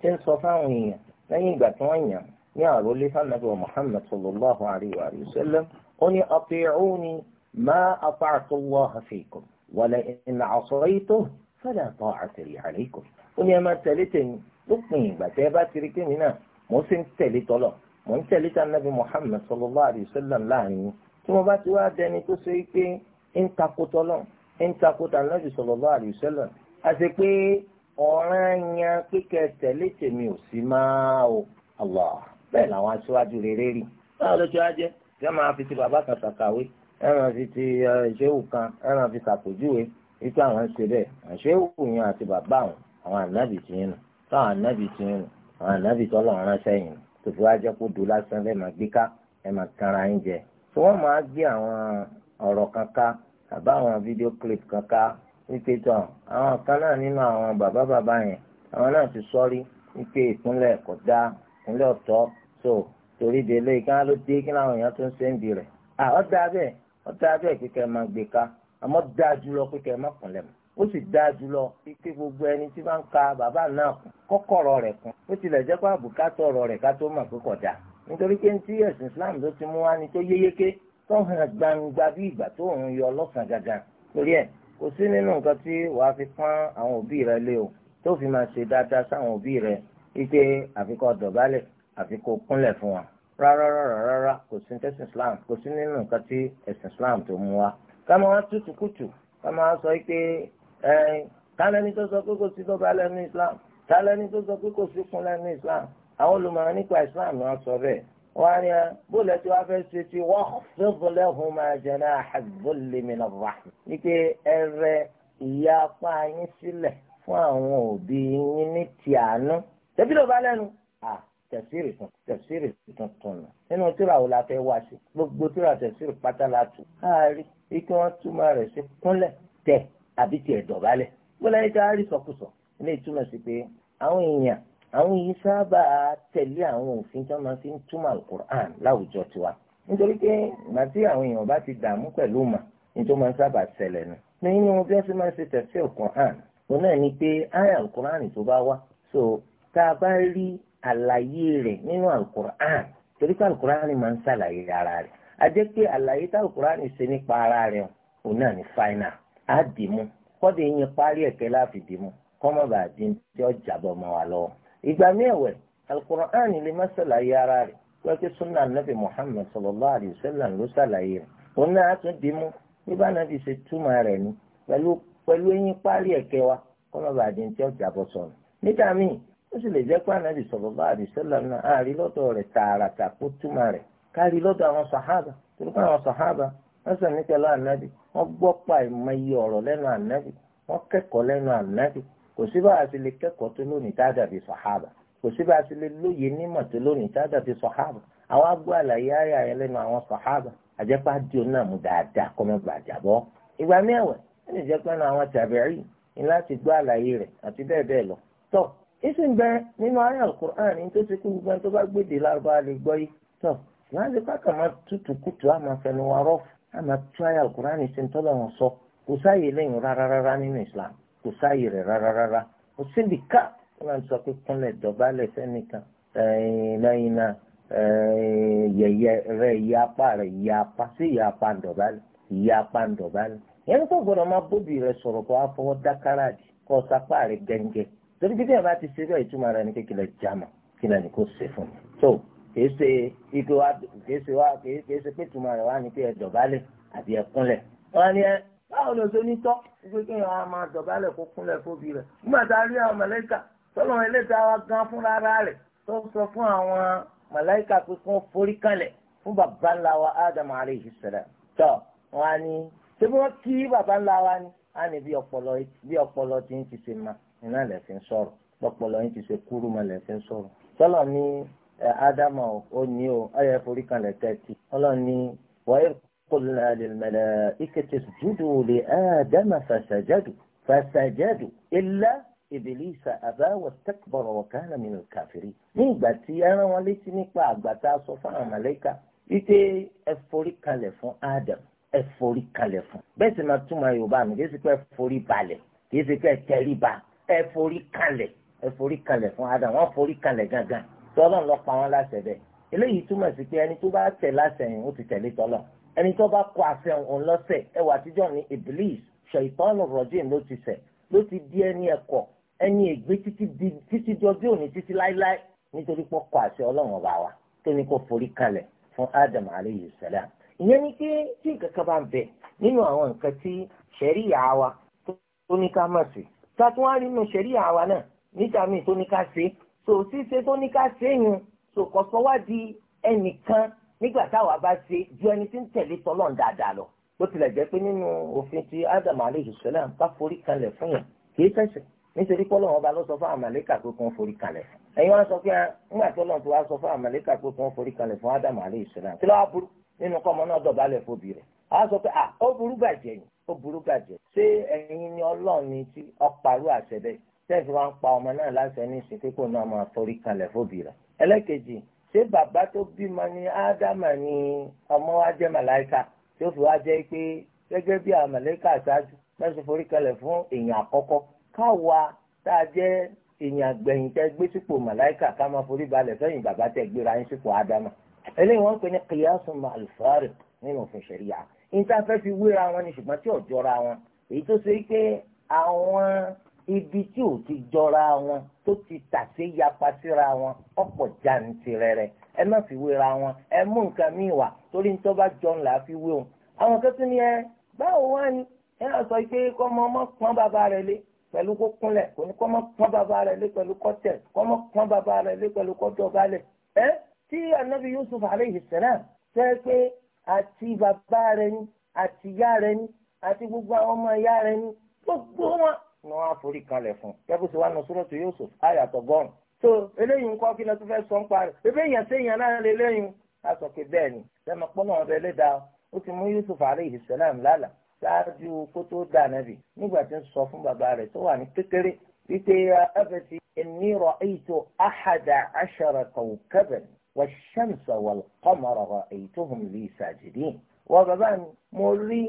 ti ń sọ fáwọn èèyàn lẹ́yìn ìgbà tí wọ́n yàn ní àròlé fanabi wa Muhammad sallallahu alayhi wa sallam ó ní ati'uni ma ata'tu Allah fikum wa la in 'asaytuhu fala ta'ata li alaykum mò ń tẹ̀lé ta nàbì Muhammad sallallahu alayhi wa sallam láàrin tí mo bá ti wá dẹni tó ṣe pé ń takotọ́ lọ́n ń takotọ́ ànábì sallallahu alayhi wa sallam àti pé ọ̀ràn yan kíkẹ́ tẹ̀lé tèmi ò sí máa o Allah bẹ́ẹ̀ làwọn aṣáájú rere rí báwo ló ṣe wá jẹ́ ṣé máa fi ti bàbá kan ṣàkàwé ẹran fi ti ṣéwù kan ẹran fi ṣàpèjúwe wípé àwọn ṣe bẹ́ẹ̀ àṣéwù yẹn àti bàbá àwọn àwọn ànábì tòfin wá jẹ́ kó do lásán lẹ́ẹ̀ máa gbé ká ẹ máa tanra yín jẹ. tí wọ́n máa gbé àwọn ọ̀rọ̀ kankan àbá àwọn fídíò clip kankan wípé tán àwọn kan náà nínú àwọn bàbá bàbá yẹn àwọn náà ti sọ́rí wípé ìpínlẹ̀ kò dáa ìpínlẹ̀ ọ̀tọ̀ so torí délé kí wọ́n ló dé kí láwọn èèyàn tó ń ṣe ń di rẹ̀. ọ̀dà bẹ́ẹ̀ ọ̀dà bẹ́ẹ̀ kíkẹ́ máa gbé ká àmọ́ dáa jùlọ kíkẹ́ má kúnlẹ̀ mọ́ ó sì dáa jùlọ ike gbogbo ẹni tí bá ń ka bàbá náà kọ́kọ̀rọ̀ rẹ̀ kún ó tilẹ̀ jẹ́ pé àbùkátọ̀ ọ̀rọ̀ rẹ̀ ká tó mọ̀ pé kọjá nítorí pé ní tí ẹ̀sìn Islam tó ti mú wá ni tó yéyéké tó hàn gbangba bí ìgbà tó ń yọ ọlọ́sàn gangan torí ẹ̀ kò sí nínú nǹkan tí wàá fi pọ́n àwọn òbí rẹ lé o tó fi máa ṣe dáadáa sáwọn òbí rẹ ike àfikọ́ dọ̀bálẹ̀ àfikọ́ kúnlẹ̀ fún wa rárá rárá rárá kò sí ẹ̀sìn Islam kò sí nínú nǹkan tí ẹ̀sìn Islam tó mú wá ká máa wá tútù kùtù ká máa sọ pé ẹ̀ẹ́n tálẹ́ni tó sọ pé kò sí dọ́gba lẹ́nu islam tálẹ́ni tó sọ pé kò sí kun lẹ́nu islam àwọn olùmọ̀ràn nípa islam náà sọ bẹ́ẹ̀ wọ́n á ní ẹ bóòlù ẹtí wàá fẹ́ ṣe ti wọ́n fífúnlẹ̀ fún máa jẹ náà àgbọ̀lẹ̀mìnà wà. ní pé ẹrẹ ìyá apá yín sílẹ̀ fún àwọn òbí yín ní ti tẹ̀bí ló bá lẹ́nu. à tún tẹ̀sírì tuntun nù. nínú tíra wo la fẹ́ wá sí. gbogbo tíra tẹ̀sírì pátá la tù. káàárí ikú wọn túmọ̀ rẹ̀ sí kúnlẹ̀ tẹ̀ àbí tiẹ̀ dọ̀bálẹ̀ gbọ́dọ̀ ayé ká rí sọkúsọ ilé ìtumọ̀ sí pé àwọn èèyàn àwọn yìí sábà tẹ̀lé àwọn òfin tí wọ́n máa fi ń túmọ̀ alukur'an láwùjọ tiwa nítorí pé ìgbà tí àwọn èèyàn bá ti dààmú pẹ̀lú mà ní tó máa ń sábà ṣẹlẹ̀ nù nínú bí wọ́n ṣe máa ṣe tẹ̀síọ̀ alukur'an òun náà ni pé ayé alukur'an tó bá wá so tá a bá rí àlàyé rẹ̀ nínú alukur'an torí pé alukur'an máa ń ṣàlàyé ara rẹ̀ a jẹ́ pé àlàyé tá alukur'an ṣe nípa ara rẹ̀ òun náà ni final á dì mú kọ́dé yín parí ẹ̀kẹ́ láfi dì mú kọ́mọ̀ bá di tí ó jàbọ̀ mọ́ wa lọ́wọ́. ìgbà míì ẹ̀wẹ̀ alukur'an lè má ṣàlàyé ara rẹ̀ pẹ́ẹ́kì sunna nabi muhammed sallallahu alayhi wa sallam ló ṣàlàyé rẹ̀ òun náà á tún dì mú nígbà náà fi ṣe túmọ̀ rẹ̀ ni pẹ̀lú pẹ̀lú yín parí ẹ̀kẹ́ wa kọ́mọ̀ bá di tí ó jàbọ̀ sọ̀rọ̀. nígbà míì ó sì lè jẹ́ pé anabi wọ́n sọ ní pẹ̀lú ànábì wọ́n gbọ́ pa ìmọye ọ̀rọ̀ lẹ́nu ànábì wọ́n kẹ́kọ̀ọ́ lẹ́nu ànábì kò sí bá a ti lè kẹ́kọ̀ọ́ tó lónìí tá a dàbí sọ̀hábà kò sí bá a ti lè lóye nímọ̀ tó lónìí tá a dàbí sọ̀hábà àwọn agbó àlàyé ayé ayé lẹ́nu àwọn sọ̀hábà àjẹpá di òun mú dáadáa kọ́ ìgbà láti lọ. àmà tíráyà alukur'ani ṣe ń tọ́lọ̀ wọn sọ kò sáàyè lẹ́yìn rárára nínú islam kò sáàyè rẹ̀ rárára kò síbi ká wọn sọ pé kúnlẹ̀ dọ̀bálẹ̀ fẹ́nìkan lẹ́yìn náà yẹ̀yẹ́ rẹ̀ yẹ apá rẹ̀ yẹ apá sí yẹ apá ń dọ̀bálẹ̀ yẹ apá ń dọ̀bálẹ̀ yẹn kò gbọdọ̀ máa bóbi rẹ̀ sọ̀rọ̀ kó afọwọ́ dákàrà dì kó sapá rẹ̀ gẹ́ngẹ́ torí bí bẹ́ẹ̀ bá ti ṣe bẹ́ẹ̀ ìtumọ̀ rẹ̀ ní kékeré jama kí lẹ́ni kò ṣe fún mi kìí ṣe ike wa kìí ṣe wa kìí ṣe pé tuma rẹ̀ wá ní pé ẹ dọ̀bálẹ̀ àbí ẹ kúnlẹ̀ wọ́n ní ẹ báwo ló ṣe ní tọ́ wípé kí wọ́n máa dọ̀bálẹ̀ kó kúnlẹ̀ fóbi rẹ̀ nígbà tá a rí àwọn mọ̀lẹ́kà tọ́lọ́ ẹlẹ́ta wa gan fúnra ara rẹ̀ tó sọ fún àwọn mọ̀lẹ́kà pé kí wọ́n forí kalẹ̀ fún bàbá ńlá wa ádámù alayhi salam tọ́ wọn á ní ṣé bí wọ́n kí bàbá ńlá wa ní á ní bí ọpọlọ bí ń ti ṣe ma iná lẹ̀ sọ̀rọ̀ ádámà ó ní o ayẹ forí kanlẹ̀ kẹ́tì ọlọ́run ní wáyé kọlá lẹ́lẹ́mẹ́lẹ́ ìkẹtẹ júdù lè ádámà fàṣàjádù fàṣàjádù ilá ìbílísà àbáwọ̀ tẹ́kbọ̀rọ̀ wọ̀kánà mi nù kàfírí. ní ìgbà tí ẹran wọn létí nípa àgbàtà sọ fáwọn màlẹ́kà wípé ẹ forí kanlẹ̀ fún ádámù ẹ forí kalẹ̀ fún. bẹ́ẹ̀ sì máa túmọ̀ yorùbá mi kì í sì forí balẹ̀ kì í sì pé ẹ ẹ forí kalẹ̀ ẹ forí kalẹ̀ fún adam wọ́n forí kalẹ̀ gangan tọ́lọ̀ ń lọ pa wọn láṣẹ bẹ́ẹ̀ eléyìí túmọ̀ sí pé ẹni tó bá tẹ̀ láṣẹ yẹn ó ti tẹ̀lé tọ́lọ̀ ẹni tó bá kọ àṣẹ òun lọ́sẹ̀ ẹwà àtijọ́ ni iblis ṣèyítọ́nù rọ́jìn ló ti ṣẹ̀ ló ti di ẹni ẹ̀kọ́ ẹni ègbé títí dọjọ́ òní títí láíláí nítorí pé kọ àṣẹ ọlọ́run ọba wa tó ní kó forí kalẹ̀ fún adam aleyhi salam ìyẹn ni pé tí nǹkan kan bá ń bẹ nínú àwọn nǹkan tí ṣẹ̀ríyà wa tó ní ká mọ̀ sí tá tún wá nínú ṣẹ̀ríyà wa náà níta míì tó ní ká ṣe so ṣíṣe tó ní ká ṣe yun so kò di ẹnìkan nígbà táwa bá ṣe ju ẹni tí ń tẹ̀lé tọ́lọ́n dáadáa lọ bó tilẹ̀ jẹ́ pé nínú òfin ti Adam aleyhi salam ká forí kanlẹ̀ fún yàn kì í tẹ̀sẹ̀ nítorí pé Ọlọ́run ọba ló sọ fún àmàlẹ́kà pé kò ń forí kalẹ̀ ẹ̀yin wọn sọ pé ńgbà ah, tó lọ́n tó wá sọ fún àmàlẹ́kà pé kò ń forí kalẹ̀ fún Adam aleyhi salam kí burú nínú kọ́mọ náà dọ̀bálẹ̀ fóbi rẹ̀. a sọ pé à ah, ó burú bàjẹ́ ni ó burú bàjẹ́ ṣé ẹ̀yin ni Ọlọ́run ni tí àṣẹ bẹ́ẹ̀ tẹ́sí wa ń pa ọmọ náà láṣẹ ní ìsìn kíkó náà máa forí kalẹ̀ fóbi rẹ̀. ẹlẹ́kejì ṣé bàbá tó bímọ ní ádámà ni ọmọ wa jẹ́ màláìka tí ó fi wá jẹ́ pé gẹ́gẹ́ bí àwọn màláìka àṣáájú mẹ́sàn-án forí kalẹ̀ fún èèyàn àkọ́kọ́ káwa tá a jẹ́ èèyàn àgbẹ̀yìn tẹ́ gbé sípò màláìka ká máa forí balẹ̀ fẹ́yìn bàbá tẹ́ gbéra yín sípò ádámà. eléyìí wọ́n ń pè ní ibi tí ò ti jọra wọn tó ti tàṣé yapa síra wọn ọ̀pọ̀ jàǹtìrẹrẹ ẹ má fi wéra wọn ẹ mú nǹkan míì wá torí nítorí bá jọ ńlá fi wé òun àwọn kan tún ní ẹ báwo wá ni ẹ á sọ pé kọ́ ọmọ ọmọ pọ́n bàbá rẹ lé pẹ̀lú kó kúnlẹ̀ kò ní kọ́ ọmọ pọ́n bàbá rẹ lé pẹ̀lú kọ́ tẹ̀ kọ́ ọmọ pọ́n bàbá rẹ lé pẹ̀lú kọ́ dọ̀bálẹ̀ ẹ tí anabi Yusuf aleyhi salam sẹ́ pé àti bàbá rẹ ni àti ìyá rẹ ni àti gbogbo àwọn ọmọ ìyá rẹ ni gbogbo wọn ni wọ́n á forí kalẹ̀ fún kẹ́kù sí wàá nù Suratu Yusuf àyà tọ̀gọ́n. so eléyìí nǹkan kí ni tó fẹ́ sọ ń parí ebe èèyàn sí èèyàn náà lé lẹ́yìn a sọ pé bẹ́ẹ̀ ni sẹ́mi pọ́nà ọ̀rẹ́ lé dáa ó ti mú Yusuf alayhi salam lálà ṣáájú kó tó dà nàbì nígbà tí ń sọ fún bàbá rẹ̀ tó wà ní kékeré wípé abẹ́tì inni ra'aytu ahada ashara kawkaban wash-shamsa wal-qamara ra'aytuhum li sajidin. wọ́n bàbá mi mo rí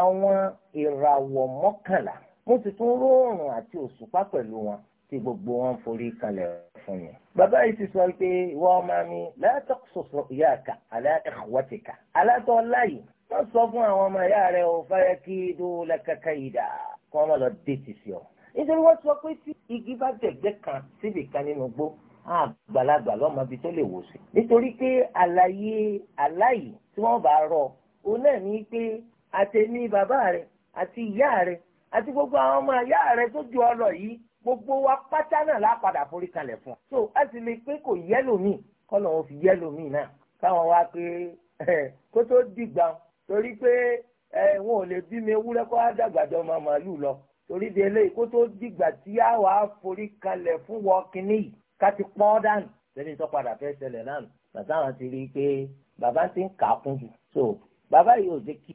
àwọn ìràwọ̀ mọ́kànlá mo sì tún ró oòrùn àti òṣùpá pẹ̀lú wọn tí gbogbo wọn forí kalẹ̀ fún mi. bàbá yìí ti sọ pé ìwọ ọmọ mi látọ̀sọ̀sọ̀ ìyá àkà aláìkọ̀wọ́tìkà alátọ̀ láyì wọ́n sọ fún àwọn ọmọ ìyá rẹ̀ ò fáyà kí dúró kàkà ìdá kó wọ́n lọ dé ti sí ọ. nítorí wọ́n sọ tó lè wò sí. nítorí pé àlàyé aláyì tí wọ́n bá rọ òun náà ní pé àtẹ̀mí bàbá rẹ̀ àti ìyá rẹ̀ àti gbogbo àwọn ọmọ ìyá rẹ tó ju ọ lọ yìí gbogbo wa pátá náà lápadà forí kalẹ̀ fún ọ. so a sì lè pé kò yẹ́lò míì kọ́nà òun fi yẹ́lò míì náà káwọn wá pé kó tó dìgbà torí pé wọn ò lè bí mi ewúrẹ́ kó wá dàgbàjọ ọmọ màálù lọ torí de eléyìí kó tó dìgbà tí a wà á forí kalẹ̀ fún wọ kínní yìí ká ti pọ́n dànù lẹ́ni tó padà fẹ́ ṣẹlẹ̀ náà nù bàtà wọn ti rí i pé bàbá ti ń kà á kún jù so bàbá yìí ò jẹ́ kí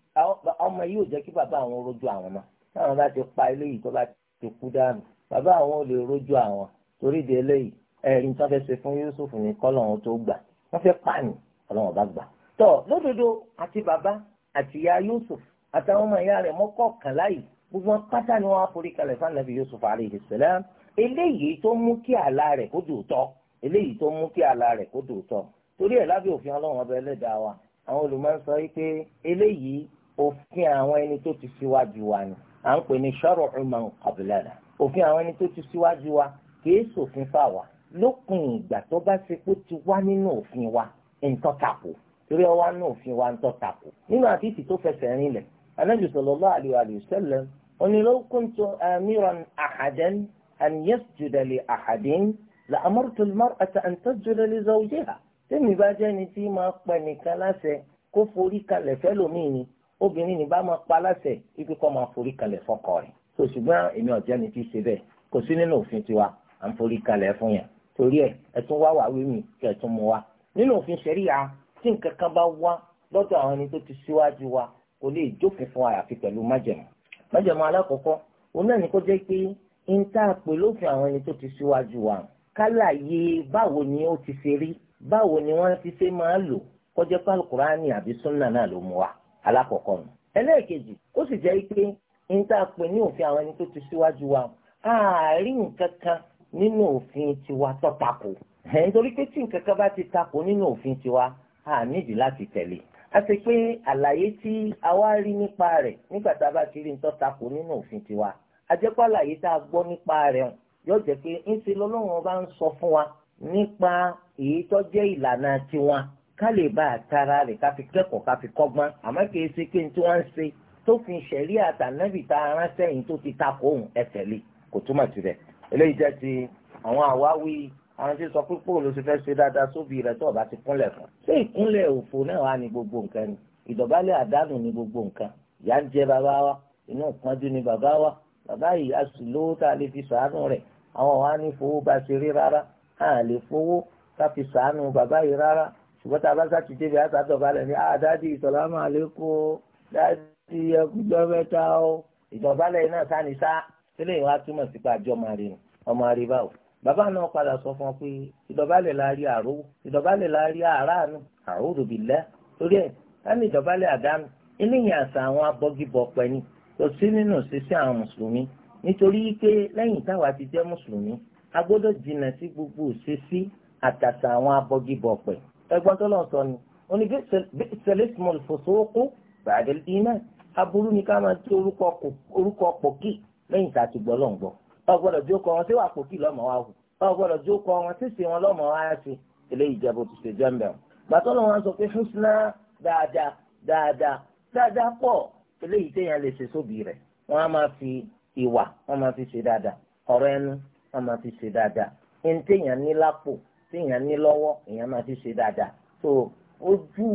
ọmọ yìí ò jẹ́ kí bàbá àwọn rojú àwọn náà táwọn bá ti pa eléyìí tó bá ti kú dànù bàbá àwọn ò lè rójú àwọn torí di eléyìí ẹ̀rín tó fẹ́ ṣe fún Yusuf ní kọ́lọ̀ wọn tó gbà wọ́n fẹ́ pààyàn ọlọ́wọ́n bá gbà. tó lódodo àti bàbá àti ìyá Yusuf àtàwọn ọmọ ìyá rẹ̀ mọ́kọ̀ọ̀kànlá yìí gbogbo wọn pátá ni wọ́n á forí kalẹ̀ fún anabi Yusuf alayhi salam eléyìí tó mú kí àlá rẹ̀ kó dòótọ́ eléyìí tó mú kí àlá rẹ̀ kó dòótọ́ torí ẹ̀ lábẹ́ òfin ọlọ́run ọba ẹlẹ́dàá wa àwọn olùmọ̀ sọ wípé eléyìí òfin àwọn ẹni tó ti síwájú wa ni à ń pè ní shar'u man qablana òfin àwọn ẹni tó ti síwájú wa kìí ṣòfin fà wá lópin ìgbà tó bá ṣe pé ti wá nínú òfin wa nǹkan tako torí ọwá nínú òfin wa nǹkan tako nínú àdìsí tó fẹsẹ̀ rinlẹ̀ anábì sallallahu alayhi wa sallam ó ní law kuntu amiran ahadan obìnrin ní bá máa pa aláṣẹ ibi kọ́ máa forí kalẹ̀ fọkọ rẹ̀ so ṣùgbọ́n èmi ọ̀jẹ́ ni ti ṣe bẹ́ẹ̀ kò sí nínú òfin tiwa à ń forí kalẹ̀ fún yẹn torí ẹ̀ ẹ tún wá wà wí mi kí ẹ tún mú wa nínú òfin ṣẹ̀ríà tí nǹkan kan bá wá lọ́dọ̀ àwọn ẹni tó ti síwájú wa kò lè jókòó fún àyàfi pẹ̀lú májẹ̀mú májẹ̀mú alákọ̀ọ́kọ́ òun náà ni kó jẹ́ pé ń tá a pè lófin àwọn ẹni tó ti síwájú wa kálàyé báwo ni ó ti ṣe rí báwo ni wọ́n ti ṣe máa lò kó jẹ́ àbí súnà náà ló mú wa alákọ̀ọ́kọ́ nù. ẹlẹ́ẹ̀kejì ó sì jẹ́ pé n tá a pè ní òfin àwọn ẹni tó ti síwájú wa àárín nǹkan kan nínú òfin tiwa tó takò ẹ̀ nítorí pé tí nǹkan kan bá ti takò nínú òfin tiwa a nídìí láti tẹ̀lé àti pé àlàyé tí a wá rí nípa rẹ̀ nígbà tá a bá ti rí nǹkan takò nínú òfin tiwa àjẹpọ̀ àlàyé tá a gbọ́ nípa rẹ̀ yóò jẹ́ pé ńṣe lọ́lọ́run ọba ń sọ fún wa nípa èyí jẹ́ ìlànà tiwọn ká lè bá àtara rẹ̀ ká fi kẹ́kọ̀ọ́ ká fi kọ́gbọ́n àmọ́ kìí ṣe pé tí wọ́n ń ṣe tó fi ṣẹ̀rí àtànábì ta aránṣẹ́ yìí tó ti takò òun ẹsẹ̀ lé kò túmọ̀ sí rẹ̀ eléyìí jẹ́ ti àwọn àwáwí àwọn tí sọ pé pò ti fẹ́ ṣe dáadáa sóbì rẹ̀ tó ọba ti kúnlẹ̀ fún ṣé ìkúnlẹ̀ òfò náà wà ní gbogbo nǹkan ni ìdọ̀bálẹ̀ àdánù ní gbogbo nǹkan ìyá ń jẹ bàbá wa inú ìpọ́njú ni bàbá wa bàbá yìí a sì lówó tá a lè fi sàánú rẹ̀ àwọn wa ní fowó bá ṣeré rárá a lè fowó ká fi sàánú bàbá yìí rárá ṣùgbọ́n tá a bá sáàtì débi àtàtọ̀balẹ̀ ní àdáàdì ah, ìsọ̀lámù àlékún dáàdì ẹkùjọ́ mẹ́ta ó ìtọ̀balẹ̀ náà sáni sá sílẹ̀ ìwà túmọ̀ sí pé àjọ máa rí ọmọ rí báwò. bàbá náà padà sọ fún ọ pé ìdọ̀balẹ̀ la rí àrò ìdọ̀balẹ̀ la rí àràánú àròrò bìlẹ̀ torí ẹ̀ láti ìdọ̀balẹ̀ àdánù eléyìí àṣà àwọn abọ́gibọ̀pẹ̀ ni kò sí nínú sísẹ́ àwọn mùsùlùmí nítorí pé lẹ́yìn táwa ti jẹ́ mùsùlùmí a gbọ́dọ̀ jìnnà sí gbogbo òṣèṣì àtàṣà àwọn abọ́gibọ̀pẹ̀ ẹgbọ́n tó lọ́n sọ ni ó ní bíṣẹ́lẹ́sìmọ̀lì fòsókó bàdé iná aburú ni ká máa tó orúkọ pòkì lẹ́yìn tá a ti gbọ́ lọ́n gbọ́ ọgbọ́dọ̀ jó kọ wọn tí wà pòkì lọ́mọ wa hù ọgbọ́dọ̀ jó kọ wọn tí sì wọn lọ́mọ wa yá sí eléyìí jẹ́ bó ti ṣe jẹ́ mbẹ́ gbàtọ́ lọ́wọ́n sọ pé húsínà dáadáa dáadáa dáadáa pọ̀ eléyìí téèyàn lè ṣe sóbì rẹ̀ wọ́n á máa fi ìwà wọ́n máa fi ṣe dáadáa ọ̀rọ̀ ẹnu wọ́n máa fi ṣe dáadáa tí èèyàn ní lọ́wọ́ èèyàn máa fi ṣe dáadáa so ojú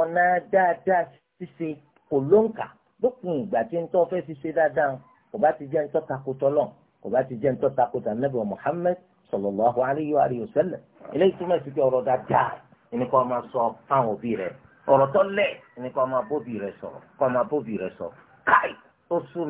ọ̀nà dáadáa ṣíṣe kò ló ń kà lópin ìgbà tí ń tọ́ fẹ́ fi ṣe dáadáa kò bá ti jẹ́ ń tọ́ takò tọ́lọ̀ kò bá ti jẹ́ ń tọ́ takò tànàbẹ̀ Muhammad sallallahu alayhi wa alihi wa sallam eléyìí túmọ̀ sí pé ọ̀rọ̀ dáadáa ẹni kọ́ máa sọ fáwọn òbí rẹ̀ ọ̀rọ̀ tó lẹ̀ ẹni kọ́ máa bóbi rẹ̀ sọ̀rọ̀ kọ́ máa bóbi rẹ̀ sọ̀rọ̀ káì ó sú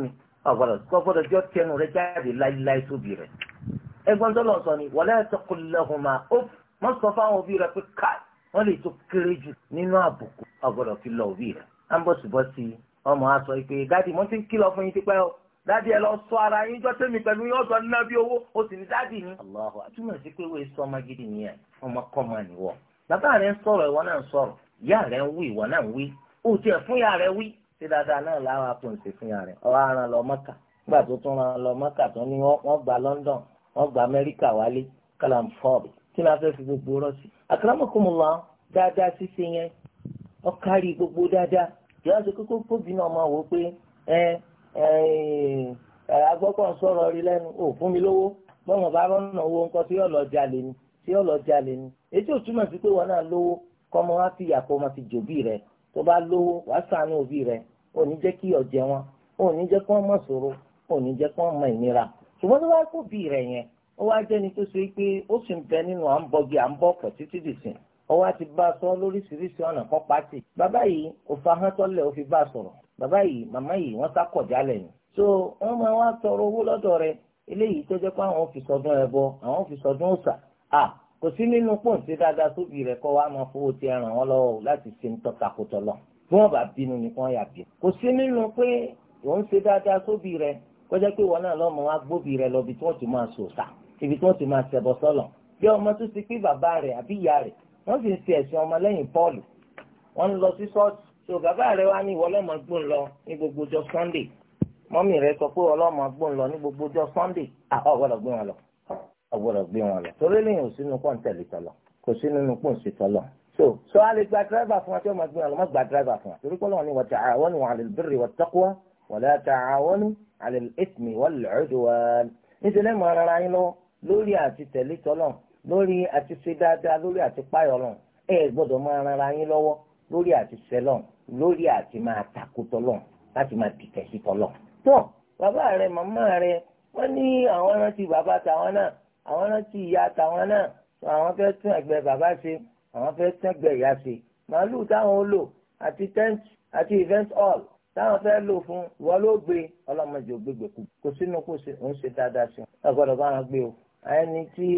ẹgbọ́n tó lọ sọ ni wala taqul lahuma uff má sọ fáwọn òbí rẹ pé káì wọ́n lè tó kéré jù nínú àbùkù ọgbọ́dọ̀ fi lọ òbí rẹ à ń bọ̀ síbọ̀ sí ọmọ aṣọ ìpè dáàdì mo ti ń kìlọ̀ fún yín tipẹ́ o dáàdì ẹ lọ sọ ara yín jọ tẹ́mi pẹ̀lú yín ọ̀sán nínú bí owó o sì ní dáàdì ni. aláhùn àtúmọ̀ sí pé wọ́n sọ ọmọ gidi nìyẹn ọmọ kọ́ máa nìwọ bàbá rẹ ń sọ̀rọ̀ ìwọ náà ń sọ̀rọ̀ ìyá rẹ ń wí ìwọ náà ń wí o tiẹ̀ fún ìyá rẹ wí ṣé dáadáa náà láwọn apò ń ṣe fún ìyá rẹ ọ̀rọ̀ lọ mọ́kà nígbà tó tún ran lọ mọ́kà tó ní wọ́n gba London wọ́n gba amẹ́ríkà wálé kàlàǹfọ́ọ̀bù tí wọ́n fẹ́ fi gbogbo rọ́ọ̀sì. àkàràmọ̀kọ́mọ̀lá dáadáa ṣíṣe yẹn ó kárí gbogbo dáadáa ìyá ṣe kókó fóbi náà máa wò pé ẹ ẹ agbọ́kọ̀ sọ̀rọ̀ rí lẹ́nu ò fún mi lówó bọ́mọ̀ bá owó tí yóò lọ jalè ni tí yóò lọ jalè ni èyí ò túmọ̀ sí pé náà lówó wá ìyàpọ̀ rẹ tó bá lówó rẹ jẹ́ kí ọ̀jẹ̀ wọn jẹ́ kí wọ́n mọ̀ jẹ́ ṣùgbọ́n tó bá kó bí rẹ̀ yẹn ó wá jẹ́ni tó ṣe pé ó sì ń bẹ nínú à ń bọgi à ń bọ̀ pọ̀ títí dìsìn ọwọ́ ti bá a sọ lóríṣiríṣi ọ̀nà kan pàtì bàbá yìí kò fa hán tọ́lẹ̀ ó fi bá a sọ̀rọ̀ bàbá yìí màmá yìí wọ́n sá kọ̀ jálẹ̀ ni. so wọ́n máa wá tọrọ owó lọ́dọ̀ rẹ̀ eléyìí tó jẹ́ pé àwọn fi sọdún ẹbọ àwọn fi sọdún òòṣà à kò sí nínú pòǹtì dáadáa tóbi rẹ̀ kọ́ wa máa fowó ti ràn wọ́n lọ́wọ́ láti ṣe ń tọ́ta kó lọ bí wọ́n bá bínú ni yà bí kọjá pé wọn náà lọ́mọ wa gbóbi rẹ lọ ibi tí wọ́n ti máa sòsà ibi tí wọ́n ti máa ṣẹbọ sọ́lọ̀ bí ọmọ tó ti pé bàbá rẹ̀ àbí ìyá rẹ̀ wọ́n sì ń ṣe ẹ̀sìn ọmọ lẹ́yìn Pọ́ọ̀lù wọ́n ń lọ sí ṣọ́ọ̀ṣì tó bàbá rẹ̀ wá ní ìwọ ọlọ́mọ gbọ́n lọ ní gbogbo ọjọ́ Sunday mọ́mì rẹ̀ sọ pé ọlọ́mọ gbọ́n lọ ní gbogbo ọjọ́ Sunday àá ọ̀gbọ́dọ̀ gbé wọn lọ ọ̀gbọ́dọ̀ gbé wọn lọ torí lẹ́yìn ò sínú pọ̀ tẹ̀lé tọ̀lọ̀ kò sínú inú pọ̀ ń tọ̀lọ̀ so so a lè gba dírẹ́bà fún wa tí wọ́n gbé wọn lọ má gba dírẹ́bà fún wa torí pé ni wa ta'awanu 'ala al-birri wat على الإثم والعدوان níṣẹ́ lẹ́mọ ara yín lọ lórí àti tẹ̀lé tọ́lọ̀ lórí àti ṣe dáadáa lórí àti páyọ̀ lọ ẹ gbọ́dọ̀ mọ ara yín lọ́wọ́ lórí àti sẹ́lọ̀ lórí àti máa takò tọ́lọ̀ láti máa dìtẹ̀ sí tọ́lọ̀. tó bàbá rẹ màmá rẹ wọ́n ní àwọn rántí bàbá tàwọn náà àwọn rántí ìyá tàwọn náà àwọn fẹ́ tún ẹgbẹ́ bàbá ṣe àwọn fẹ́ tún ẹgbẹ́ ìyá ṣe màálù táwọn ó lò àti tent àti event hall táwọn fẹ́ lò fún ìwọ ló gbé ọlọ́mọdé ò gbégbé kù kò sínú kò sí òun ṣe dáadáa sí wọn gbọ́dọ̀ bá wọn gbé o ẹni tí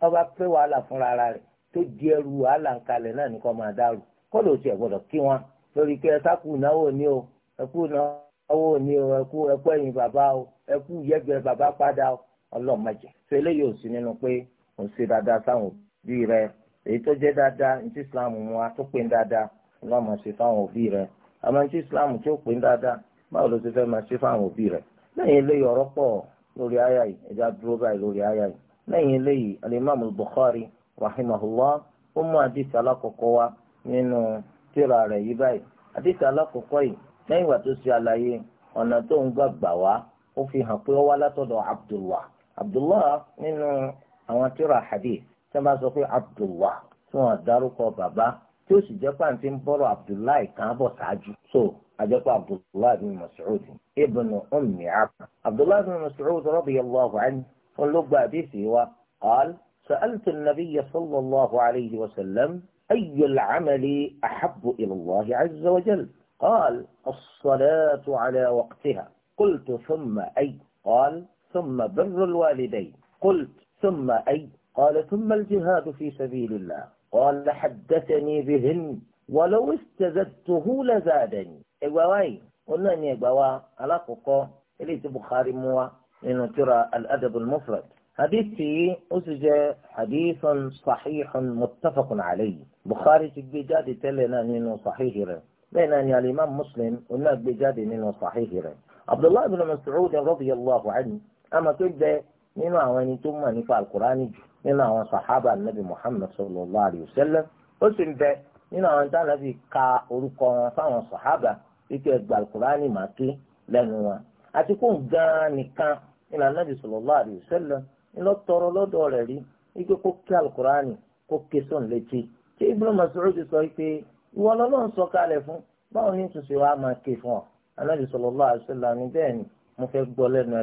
wọn bá pé wàhálà fúnra ara rẹ̀ tó di ẹrù wàhálà ń kalẹ̀ náà ní kò máa dárò kó ló tiẹ̀ gbọ́dọ̀ kí wọn lórí pé ẹsà kù náwó ni o ẹkú náwó ni o ẹkú ẹkú ẹ̀yìn bàbá o ẹkú yẹgbẹ bàbá padà o ọlọ́mọdé ṣe eléyìí sí nínú pé òun ṣe dáadáa fáwọn òbí àmọ́ tí islam tí ó pín dáadáa báwo ló ti fẹ́ máa ṣe fáwọn òbí rẹ̀ lẹ́yìn eléyìí ọ̀rọ̀ pọ̀ lórí àyà yìí ẹja dúró báyìí lórí àyà yìí lẹ́yìn eléyìí alimami bukhari rahimahullah ó mú àdìsí alákọ̀ọ́kọ́ wá nínú tírà rẹ̀ yìí báyìí àdìsí alákọ̀ọ́kọ́ yìí lẹ́yìn ìgbà tó ṣe àlàyé ọ̀nà tó ń gbà gbà wá ó fi hàn pé ó wá látọ̀dọ̀ abdullah abdullah nínú àwọn tírà hadith tí wọ́n bá sọ pé abdullah tí wọ́n dárúkọ bàbá tí ó sì jẹ́ pàǹtí ń bọ́rọ̀ abdullahi kan bọ̀ ṣáájú so ajọpọ̀ abdullahi bin mas'ud ibn ummi abba abdullahi bin mas'ud radiyallahu anhu wọn ló gba àdéhìí wa qaal sa'altu an-nabiyya sallallahu alayhi wa sallam ayyu al-amali ahabbu ila allahi azza wa jal qaal as-salatu ala waqtiha qultu thumma ay qaal ثم بر الوالدين قلت ثم أي قال ثم الجهاد في سبيل الله قال حدثني بهن ولو استزدته لزادني إغواي قلنا أن إغوا إيه على قوقو إليت بخاري موا إنه ترى الأدب المفرد حديثي أسجى حديث صحيح متفق عليه بخاري تجداد تلنا أنه صحيح له بين أن الإمام مسلم والناس بجاد أنه صحيح له عبد الله بن مسعود رضي الله عنه أما تجد من أواني ثم نفع القرآن nínú àwọn sàhábà nàbì Muhammad sallallahu alayhi wa sallam ó sì ń bẹ nínú àwọn tá nàbì ka orúkọ wọn fáwọn sàhábà wípé gba alukurani máa ké lẹ́nu wọn àti kó ń gan nìkan nínú nàbì sallallahu alayhi wa sallam ńlọ tọrọ lọ́dọ̀ rẹ̀ rí wípé kó ké alukurani kó ké sọ̀n létí tí Ibn Mas'ud sọ wípé ìwọ lọ́lọ́run sọ kalẹ̀ fún báwo ni túnṣe wàá máa ké fún ọ anábì sallallahu alayhi wa ni bẹ́ẹ̀ ni mo fẹ́ gbọ́ lẹ́nu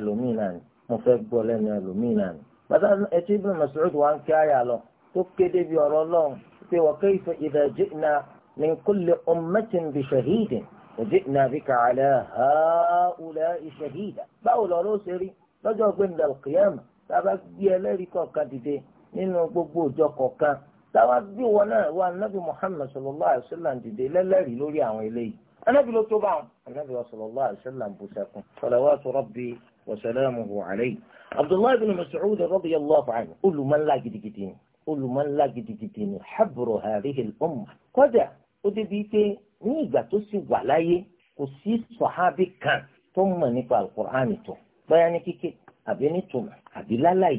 ẹlòmíì náà ni bàtà ẹtí Ibn Mas'ud wa ń kí àyà lọ tó kéde bí ọ̀rọ̀ lọ́hùn pé wa kayfa idha ji'na min kulli ummatin bi shahidin wa ji'na bika ala ha'ula'i shahida báwo lọ́rọ̀ ó ṣe rí lọ́jọ́ gbẹ̀ndà al-qiyamah tá a bá gbé ẹlẹ́rìí kọ̀ọ̀kan dìde nínú gbogbo òjọ kọ̀ọ̀kan táwa bí wọn náà wà nábì Muhammad sallallahu alaihi wasallam dìde lẹ́lẹ́rìí lórí àwọn eléyìí anábì ló tó bá anábì wa sallallahu alaihi wasallam bù sẹ́kùn salawatu rabbi وسلامه عليه عبد الله بن مسعود رضي الله عنه قل من لا جديدين قل من لا جديدين حبر هذه الأمة قد أدبيت نيجا تسي ولاي قصي صحابي كان ثم نقرأ القرآن تو بيان كيكي أبي نتوم أبي لا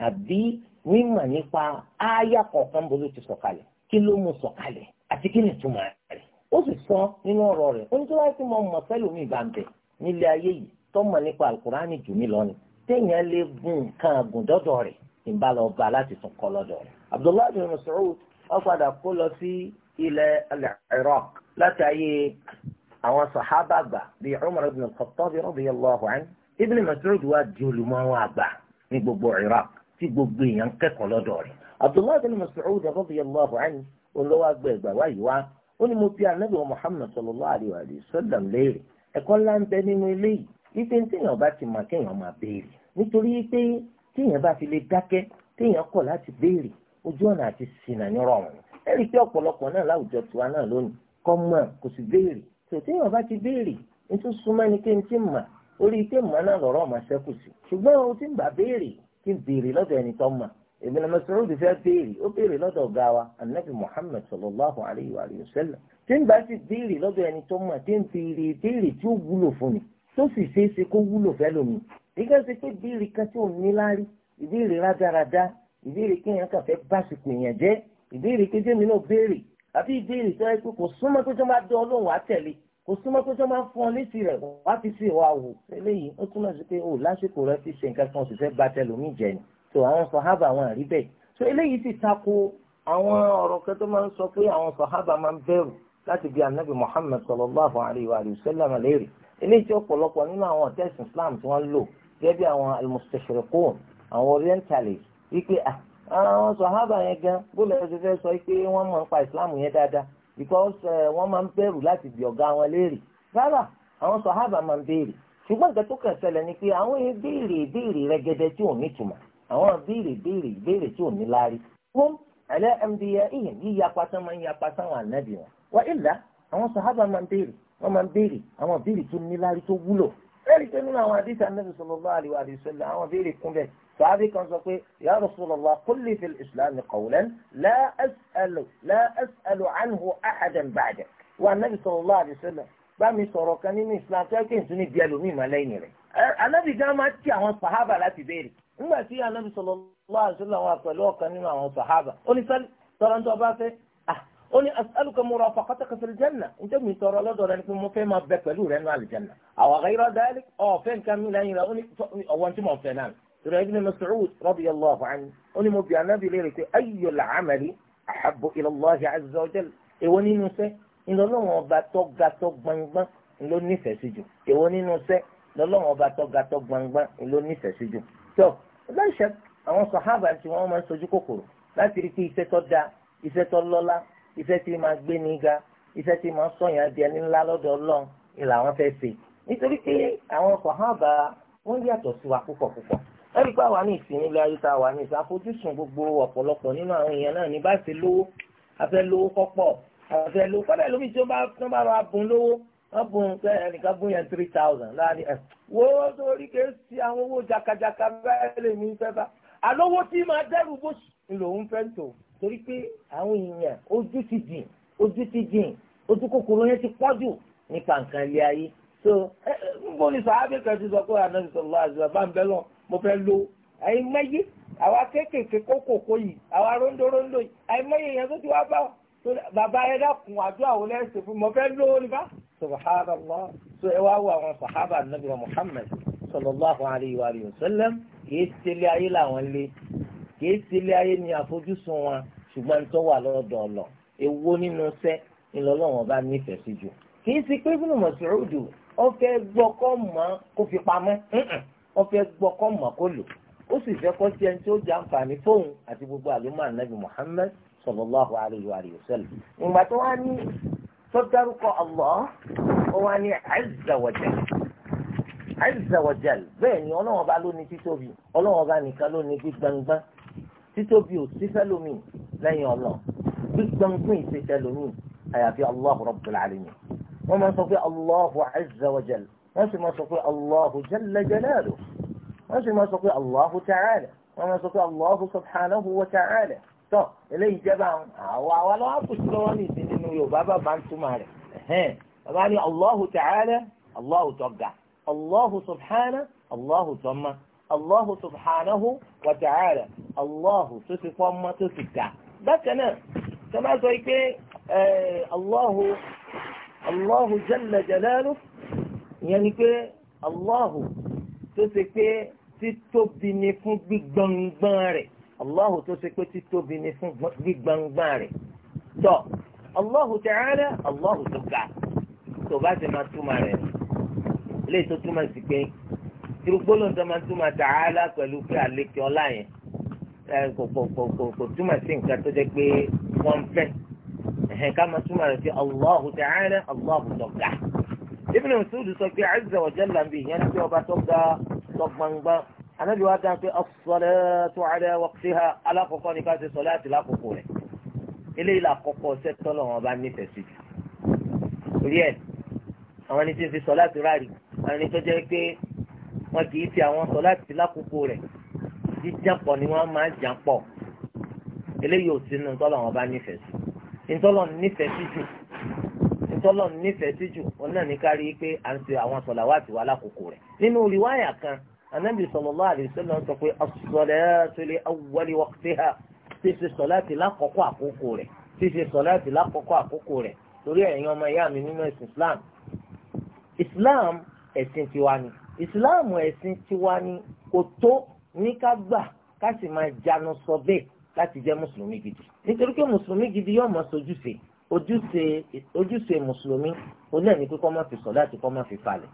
أبي مما nípa آية kọ̀ọ̀kan bó ló ti sọ̀kalẹ̀ kí ló mú sọ̀kalẹ̀ àti kí ni túmọ̀ rẹ̀ ó sì sọ nínú ọ̀rọ̀ rẹ̀ ó tọ́mọ̀ nípa alukurani jù mí lọ́ni téèyàn lè gun nǹkan àgùn dọ́dọ̀ rẹ̀ ń bá lọ bá láti tún kọ́ lọ́dọ̀ rẹ̀. abdullahi bin Mas'ud wọ́n padà kó lọ sí ilẹ̀ Iraq látàyè àwọn sàhábà àgbà bíi Umar ibn al-Khattab radiyallahu anhu ibn Mas'ud wá di olùmọ̀ àwọn àgbà ní gbogbo Iraq tí gbogbo èèyàn kẹ́kọ̀ọ́ lọ́dọ̀ rẹ̀. abdullahi bin Mas'ud radiyallahu anhu olówó àgbẹ̀ ìgbà wáyé wá ó ní mo fi anabi Muhammad sallallahu alayhi wa sallam léèrè ẹ̀kọ́ ife téèyàn bá ti mọ̀ kéèyàn máa béèrè nítorí pé téèyàn bá fi lè dákẹ́ téèyàn kọ̀ láti béèrè ojú ọ̀nà àti ṣìnà ní rọrùn ẹ̀rí pé ọ̀pọ̀lọpọ̀ náà láwùjọ tiwa náà lónìí kọ́ mọ̀ kò sì béèrè tó téèyàn bá ti béèrè nítorí súnmọ́ ni pé n ti mọ̀ orí pé mọ̀ náà lọ́rọ̀ máa ṣẹ́kù sí ṣùgbọ́n o ti ń bà béèrè kí n béèrè lọ́dọ̀ ẹni tó mọ̀ Ibn Mas'ud fẹ́ béèrè ó béèrè lọ́dọ̀ ọ̀gá wa anabi Muhammad sallallahu alayhi wa sallam tí ń bá ti béèrè lọ́dọ̀ ẹni tó mọ̀ tí ń béèrè béèrè tí ó wúlò fún mi tó sì ṣeé ṣe kó wúlò fẹ́ lòmìn nígbà tí pé ìbéèrè kan tí òun ní láárí ìbéèrè rádaràda ìbéèrè kéèyàn kàn fẹ́ básìkò èèyàn jẹ́ ìbéèrè kéjèmí náà béèrè àbí ìbéèrè tó yẹ pé kò súnmọ́ pé tó máa dán ọlọ́run wá tẹ̀lé kò súnmọ́ pé tó máa fún ọ létí rẹ̀ wá fi sí ìwà wò eléyìí ó túmọ̀ sí pé o lásìkò rẹ ti ṣe nǹkan kan sì fẹ́ ba tẹlòmíì jẹ ni tó àwọn sọ̀hábà wọn àrí bẹ́ẹ̀ tó eléyìí sì tako àwọn ọ̀rọ̀ kan tó máa ń sọ pé àwọn sọ̀hábà máa ń bẹ̀rù láti bí anabi Muhammad sallallahu alayhi wa sallam léèrè eléyìí tí ọ̀pọ̀lọpọ̀ nínú àwọn Islam tí wọ́n lò gẹ́gẹ́ àwọn almustashriqun orientalist wípé ah, àwọn sọ̀hábà yẹn gan bóòlù ẹ̀sìn fẹ́ sọ pé wọ́n máa ń pa Islam yẹn dáadáa because eh, wọ́n máa ń bẹ̀rù láti bi ọ̀gá wọn léèrè rárá àwọn sọ̀hábà máa ń béèrè ṣùgbọ́n nǹkan tó kàn ṣẹlẹ̀ ni pé àwọn ìbéèrè ìbéèrè rẹ̀gẹ̀dẹ̀ tí ò ní ìtumọ̀ àwọn ìbéèrè ìbéèrè ìbéèrè tí ò ní láárí. wọ́n máa ń béèrè àwọn béèrè tó níláárí tó wúlò ẹ̀rí tó nínú àwọn àdìsí anábì sallallahu alaihi wa sallam àwọn béèrè kúnlẹ̀ sàábì kan sọ pé ya Rasulullah qul li fil islam qawlan la as'alu la as'alu anhu ahadan ba'dak wà anábì sallallahu alaihi wa sallam bá mi sọ̀rọ̀ kan nínú islam tó kí n tún ní bí ẹlòmíì máa lẹ́yìn rẹ̀ anábì gan máa ti àwọn sàhábà láti béèrè nígbà tí anábì sallallahu alaihi wa sallam wà pẹ̀lú ọ̀kan nínú àwọn sàhábà ó ní sọ́lá tọ́lá bá fẹ́ ó ní as'aluka murafaqataka fil janna njẹ́ mi tọrọ lọ́dọ̀ rẹ ni pé mo fẹ́ máa bẹ pẹ̀lú rẹ ní aljanna aw ghayra dhalik ọ̀fẹ́ nǹkan mi lẹ́yìn rẹ ó ní ọ̀wọ́n tí mo fẹ́ náà rẹ ibn Mas'ud radiyallahu anhu ó ní mo bi anabi léèrè pé ayyul amali ahabbu ila Allahi azza wa jalla èwo nínú sẹ́ ńlọ́lọ́wọ́n ọba tó ga tó gbangban ló nífẹ̀ẹ́ sí jù èwo nínú sẹ́ lọ́lọ́wọ́n ọba tó ga tó gbangban ló iṣẹ́ tí máa gbé ní ga iṣẹ́ tí máa sọ̀yàn di ẹni ńlá lọ́dọ̀ ọlọ́run ni làwọn fẹ́ ṣe nítorí pé àwọn sàhábà wọ́n yàtọ̀ sí wa púpọ̀ púpọ̀ ẹ̀rí pé àwa ní ìsìn ilé ayé tá a wà ní ìsìn àfojúsùn gbogbo ọ̀pọ̀lọpọ̀ nínú àwọn èèyàn náà ní bá ṣe lówó afẹ́ lówó kọ́pọ̀ afẹ́ lówó kọ́dà lómi tí ó bá tán bá ra bùn lówó wọ́n bùn ẹnìkan bùn yẹn three thousand láàrin ẹ̀ wo torí kè sí àwọn owó jakajaka bẹ́ẹ̀ lè mí fẹ́ bá alówó tí máa dẹ́rù bó lòun fẹ́ tó torí pé àwọn èèyàn ojú ti dìn ojú ti dìn ojú kòkòrò yẹn ti pọ́jù nípa nǹkan ilé ayé so nbọ ni sàábẹ kan ti sọ pé ànábi sọlọ àzùlá bá ń bẹ lọ mo fẹ́ lo àìmọye àwọn akékèké kókòkò yìí àwọn aróńdóróńdó yìí àìmọye èèyàn tó ti wá bá bàbá ẹ dákun àdúrà wo lẹ́sẹ̀ fún mo fẹ́ lo ní bá subhanallah so ẹ wá wo àwọn sàhábà ànábi wa muhammed sallallahu alayhi wa sallam kì í tẹ̀lé ayé làwọn lé kìí ṣe ilé ayé ni àfojúsùn wọn ṣùgbọ́n ní tó wà lọ́dọ̀ ọ̀lọ́ èwo nínú sẹ́ ńlọ́lọ́wọ́n bá nífẹ̀ẹ́ sí jù kìí ṣe pé Ibn Mas'ud ó fẹ́ gbọ́ kọ́ mọ́ kó fi pamọ́ ó fẹ́ gbọ́ kọ́ mọ́ kó lò ó sì fẹ́ kọ́ sí ẹni tí ó jẹ àǹfààní fóun àti gbogbo àlùmọ́ ànábì Muhammad sallallahu alayhi wa sallam ìgbà tó wá ní tó dárúkọ ó wá ní azza títóbi ò sí fẹ́lómi lẹ́yìn ọlọ́run gbígbọ́ngbọ́n ìṣe fẹ́lómi àyàfi Allahu Rabbul Alamin wọ́n máa sọ pé Allahu Azza wa Jal wọ́n sì máa sọ pé Allahu Jalla Jalaluhu wọ́n sì máa sọ pé Allahu Ta'ala wọ́n máa sọ pé Allahu Subhanahu wa Ta'ala tọ́ eléyìí jẹ́ bá àwọn àwọn aláwọ̀ àpòsí lọ́wọ́ ní ìsìn nínú Yorùbá bàbá ń túmọ̀ rẹ̀ ẹ̀hẹ́n bàbá ní Allahu Ta'ala Allahu tó Allahu Subhanahu Allahu tó Allahu subhanahu wa ta'ala Allahu tó ti fọ́ mọ́ tó ti ga bákan náà tó máa sọ pé Allahu Allahu jalla jalaluhu ìyẹn ni pé Allahu tó ti pé títóbi ni fún gbígbọ̀ngbọ̀n rẹ̀ Allahu tó ti pé títóbi ni fún gbígbọ̀ngbọ̀n rẹ̀ tọ́ Allahu ta'ala Allahu tó ga tó bá ti máa túmọ̀ rẹ̀ lè tó túmọ̀ sí pé irúgbóló ń sọmọ túmọ̀ tààlà pẹ̀lú pé àlékè ọlá yẹn kò kò kò kò túmọ̀ sí nǹkan tó jẹ́ pé wọ́n ń fẹ́ ẹ̀hẹ́n ká máa túmọ̀ rẹ̀ sí Allahu ta'ala Allahu lọ́gà. Ibn Mas'ud sọ pé azza wa jalla ń bì yẹn ní pé ọba tó ga tó gbangba anábì wa dáa pé as-salatu ala waqtiha alákọ̀ọ́kọ́ ni ká ṣe sọ̀láàtì lákòókò rẹ̀ eléyìí làkọ́kọ́ sẹ́tọ́lọ̀ wọn àwọn ẹni tí ń fi sọ̀láàtì ráàlì àwọn ẹni tó jẹ́ pé wọn kì í fi àwọn sọ láti lákòókò rẹ̀ jíjà pọ̀ ni wọ́n máa jà pọ̀ eléyìí ò sínú ntọ́lọ̀ wọn bá nífẹ̀ẹ́ sí ntọ́lọ̀ nífẹ̀ẹ́ sí jù ntọ́lọ̀ nífẹ̀ẹ́ sí jù òun náà ní kárí pé à ń ṣe àwọn sọ̀là wá ti wá lákòókò rẹ̀ nínú rìwáyà kan anábì sallallahu alaihi wasallam sọ pé as-salatu li awwali waqtiha ṣíṣe sọ̀lá ti lákọ̀ọ́kọ́ àkókò rẹ̀ ṣíṣe sọ̀lá ti lákọ̀ọ́kọ́ àkókò rẹ̀ torí ẹ̀yin ọmọ ìyá mi nínú ẹ̀sìn Islam Islam ẹ̀sìn tiwa ni ìsìláàmù ẹ̀sìn tiwa ni kò tó ní ká gbà ká sì máa jánu sọ bẹ́ẹ̀ láti jẹ́ mùsùlùmí gidi nítorí pé mùsùlùmí gidi yóò máa sojúṣe ojúṣe ojúṣe mùsùlùmí onáà ní kíkọ́ máa fi sọ láti kọ́ máa fi falẹ̀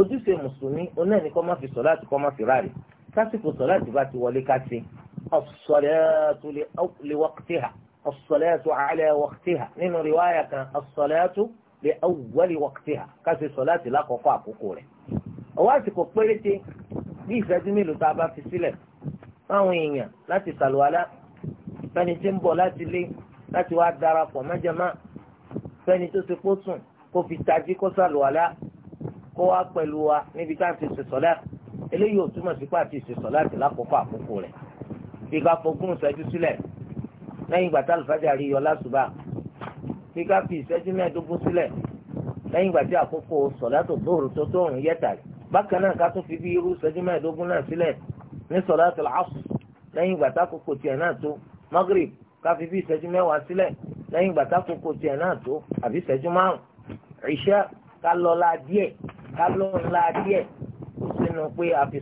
ojúṣe mùsùlùmí onáà ní kọ́ máa fi sọ láti kọ́ máa fi ráre kásìkò sọ láti bá ti wọlé ká ṣe as-salatu li waqtiha as-salatu ala waqtiha nínú kan as-salatu lè awwali waqtiha ká ṣe sọ̀láàtì lákọ̀ọ́kọ́ àkókò rẹ̀ ọwọ́ àsìkò péréte bí ìṣẹ́jú mélòó tá a bá fi sílẹ̀ fáwọn èèyàn láti sàlùwálá fẹ́ni tí ń bọ̀ láti lé láti wá darapọ̀ mẹ́jẹ̀má fẹ́ni tó ṣe kó sùn kó fi tají kó sàlùwálá kó wá pẹ̀lú wa níbi tá a ti ṣe sọ̀láàtì eléyìí ò túmọ̀ sí pé àti ṣe lákọ̀ọ́kọ́ àkókò rẹ̀ bí bí ká fi ìṣẹ́jú mẹ́ẹ̀ẹ́dógún sílẹ̀ lẹ́yìn ìgbà tí àkókò sọ̀látò dóòrò tó tó òrùn bákan náà ká tún fi bí irú ìṣẹ́jú mẹ́ẹ̀ẹ́dógún náà sílẹ̀ ní sọ̀látò asù lẹ́yìn ìgbà tákòkò tiẹ̀ náà tó ká fi bí ìṣẹ́jú mẹ́wàá sílẹ̀ lẹ́yìn ìgbà tákòkò tiẹ̀ náà tó àbí ìṣẹ́jú márùn ká lọ la díẹ̀ ká lọ la díẹ̀ sínú pé a fi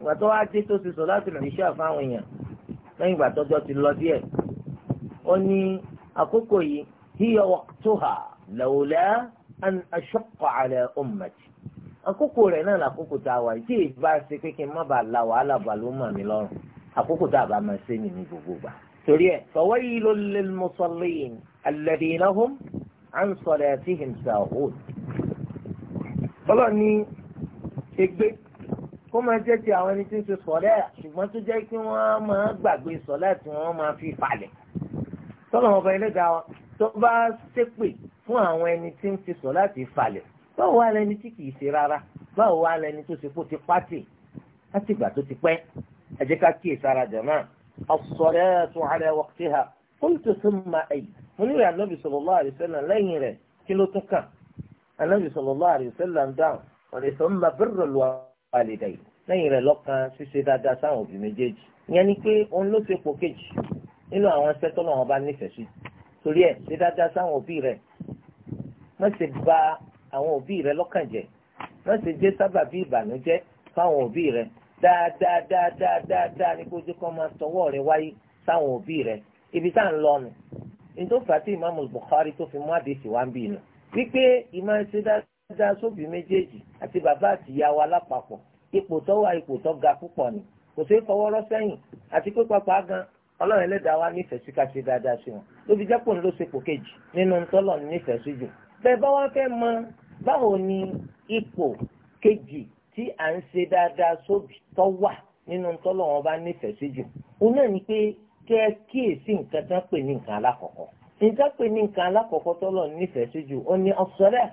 ìgbà tó wá dé tó ti sọ láti rìn iṣẹ́ àfáwọn èèyàn lẹ́yìn ìgbà tọ́jọ́ ti lọ díẹ̀ ó ní àkókò yìí hiya waqtuha lawla an ashaqqa ala ummati àkókò rẹ̀ náà làkókò tá a wà yìí tí ìbá ṣe pé kí n má bàa la wàhálà bà ló mà mí lọ́rùn àkókò tá a bá máa ṣe nìyí gbogbo gbà. torí ẹ fawailul lil musallin alladhina hum an salatihim sahun. ọlọ́ni ṣe gbé kó máa jẹ́ ti àwọn ẹni tí ń ṣe sọ̀lẹ́ ṣùgbọ́n tó jẹ́ kí wọ́n máa gbàgbé sọ̀lẹ́ tí fi falẹ̀ tọ́lọ̀ wọn bá ilé ga wọn tó bá ṣépè fún àwọn ẹni tí ń ṣe sọ̀lẹ́ àti falẹ̀ báwo wá lẹni tí kìí ṣe rárá báwo wá lẹni tó ṣe kó ti pátì láti ìgbà tó ti pẹ́ ẹ jẹ́ ká kíyè sára jàmá tún àlèdà yìí lẹ́yìn rẹ̀ lọ́kàn ṣíṣe dáadáa sáwọn òbí méjèèjì ìyẹn ni pé òun ló ṣe pò kejì nínú àwọn iṣẹ́ tọ́lọ́ wọn bá nífẹ̀ẹ́ sí torí ẹ̀ ṣe dáadáa sáwọn òbí rẹ̀ má ṣe bà àwọn òbí rẹ̀ lọ́kàn jẹ́ má ṣe jẹ́ sábàbí ìbànújẹ́ fáwọn òbí rẹ̀ dáadáa dáadáa dáadáa ní kójú kan máa tọwọ́ rẹ̀ wáyé sáwọn òbí rẹ̀ ibi tá à ń lọ nù nítorí fàtí ìmáàmù Bukhari tó fi mú àdéhùn wá ń bì nù wípé ìmáà ṣe dáadáa dá sóbì méjèèjì àti bàbá àtìyá wa lápapọ̀ ipò tó wà ipò tó ga púpọ̀ ni kò sí fọwọ́rọ́ sẹ́yìn àti pé pápá gan ọlọ́run ẹlẹ́dàá wa nífẹ̀ẹ́ sí ká ṣe dáadáa sí wọn lóbi jẹ́pọ̀ ló ṣe pò kejì nínú tọ́lọ̀ nífẹ̀ẹ́ sí jù. bẹ́ẹ̀ bá wá fẹ́ mọ báwo ni ipò kejì tí à ń ṣe dáadáa sóbì tó wà nínú tọ́lọ̀ wọn bá nífẹ̀ẹ́ sí jù. òun náà ni pé kẹ́ ẹ kíyèsí nǹkan tán pè ní nǹkan alákọ̀ọ́kọ́. nǹkan pè ní nǹkan alákọ̀ọ́kọ́ tọ́lọ̀ nífẹ̀ẹ́ sí jù ó ní ọ̀sọ́rẹ́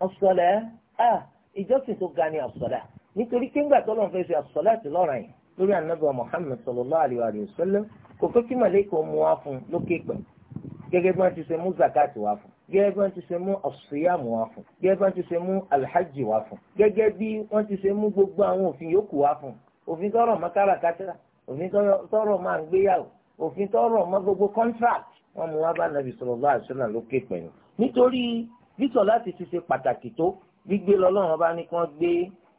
àṣọlẹ̀ à ah, ìjọsìn tó ga ni àṣọlẹ̀ nítorí kéńgbà tó lọ́n fẹ́ ṣe àṣọlẹ̀ ti lọ́ràn yìí lórí anábọ̀ Muhammad sallallahu alayhi wa sallam kò fẹ́ kí màlẹ́kọ̀ mú wá fún lókè pẹ̀ gẹ́gẹ́ bí wọ́n ti ṣe mú zakati wá fún gẹ́gẹ́ bí wọ́n ti ṣe mú ọ̀ṣùyàmù wá fún gẹ́gẹ́ bí wọ́n ti ṣe mú alhaji wá fún gẹ́gẹ́ bí wọ́n ti ṣe mú gbogbo àwọn òfin yòókù wá fún òfin tọrọ mọ́ káràkátà òfin tọrọ mọ́ àgbéyàwó òfin tọrọ mọ́ gbogbo contract wọ́n mú wá bá nàbì sallallahu alayhi wa sallam lókè pẹ̀lú nítorí bí sọ láti ti ṣe pàtàkì tó gbígbé lọ́lọ́run bá ní kí wọ́n gbé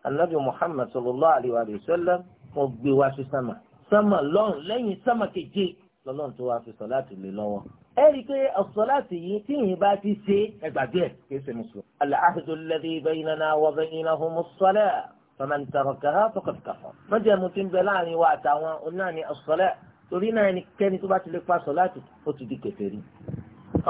anabi muhammad sallallahu alayhi wa sallam wọ́n gbé wá sí sámà sámà lọ́run lẹ́yìn sámà keje lọ́lọ́run tó wá fi sọ láti lè lọ́wọ́. ẹ rí i pé ọ̀sọ̀ láti yìí tí yìí bá ti ṣe ẹgbàgbé ẹ̀ kí ṣe mùsùlùmí. al-ahdu alladhi baynana wa baynahumu as-salah faman tarakaha faqad kafar. mọ́jẹ̀mú ti ń bẹ láàrin wa àtàwọn onáà ní as torí náà ẹnikẹ́ni tó bá ti lè pa sọ láti ó ti di kèfèrí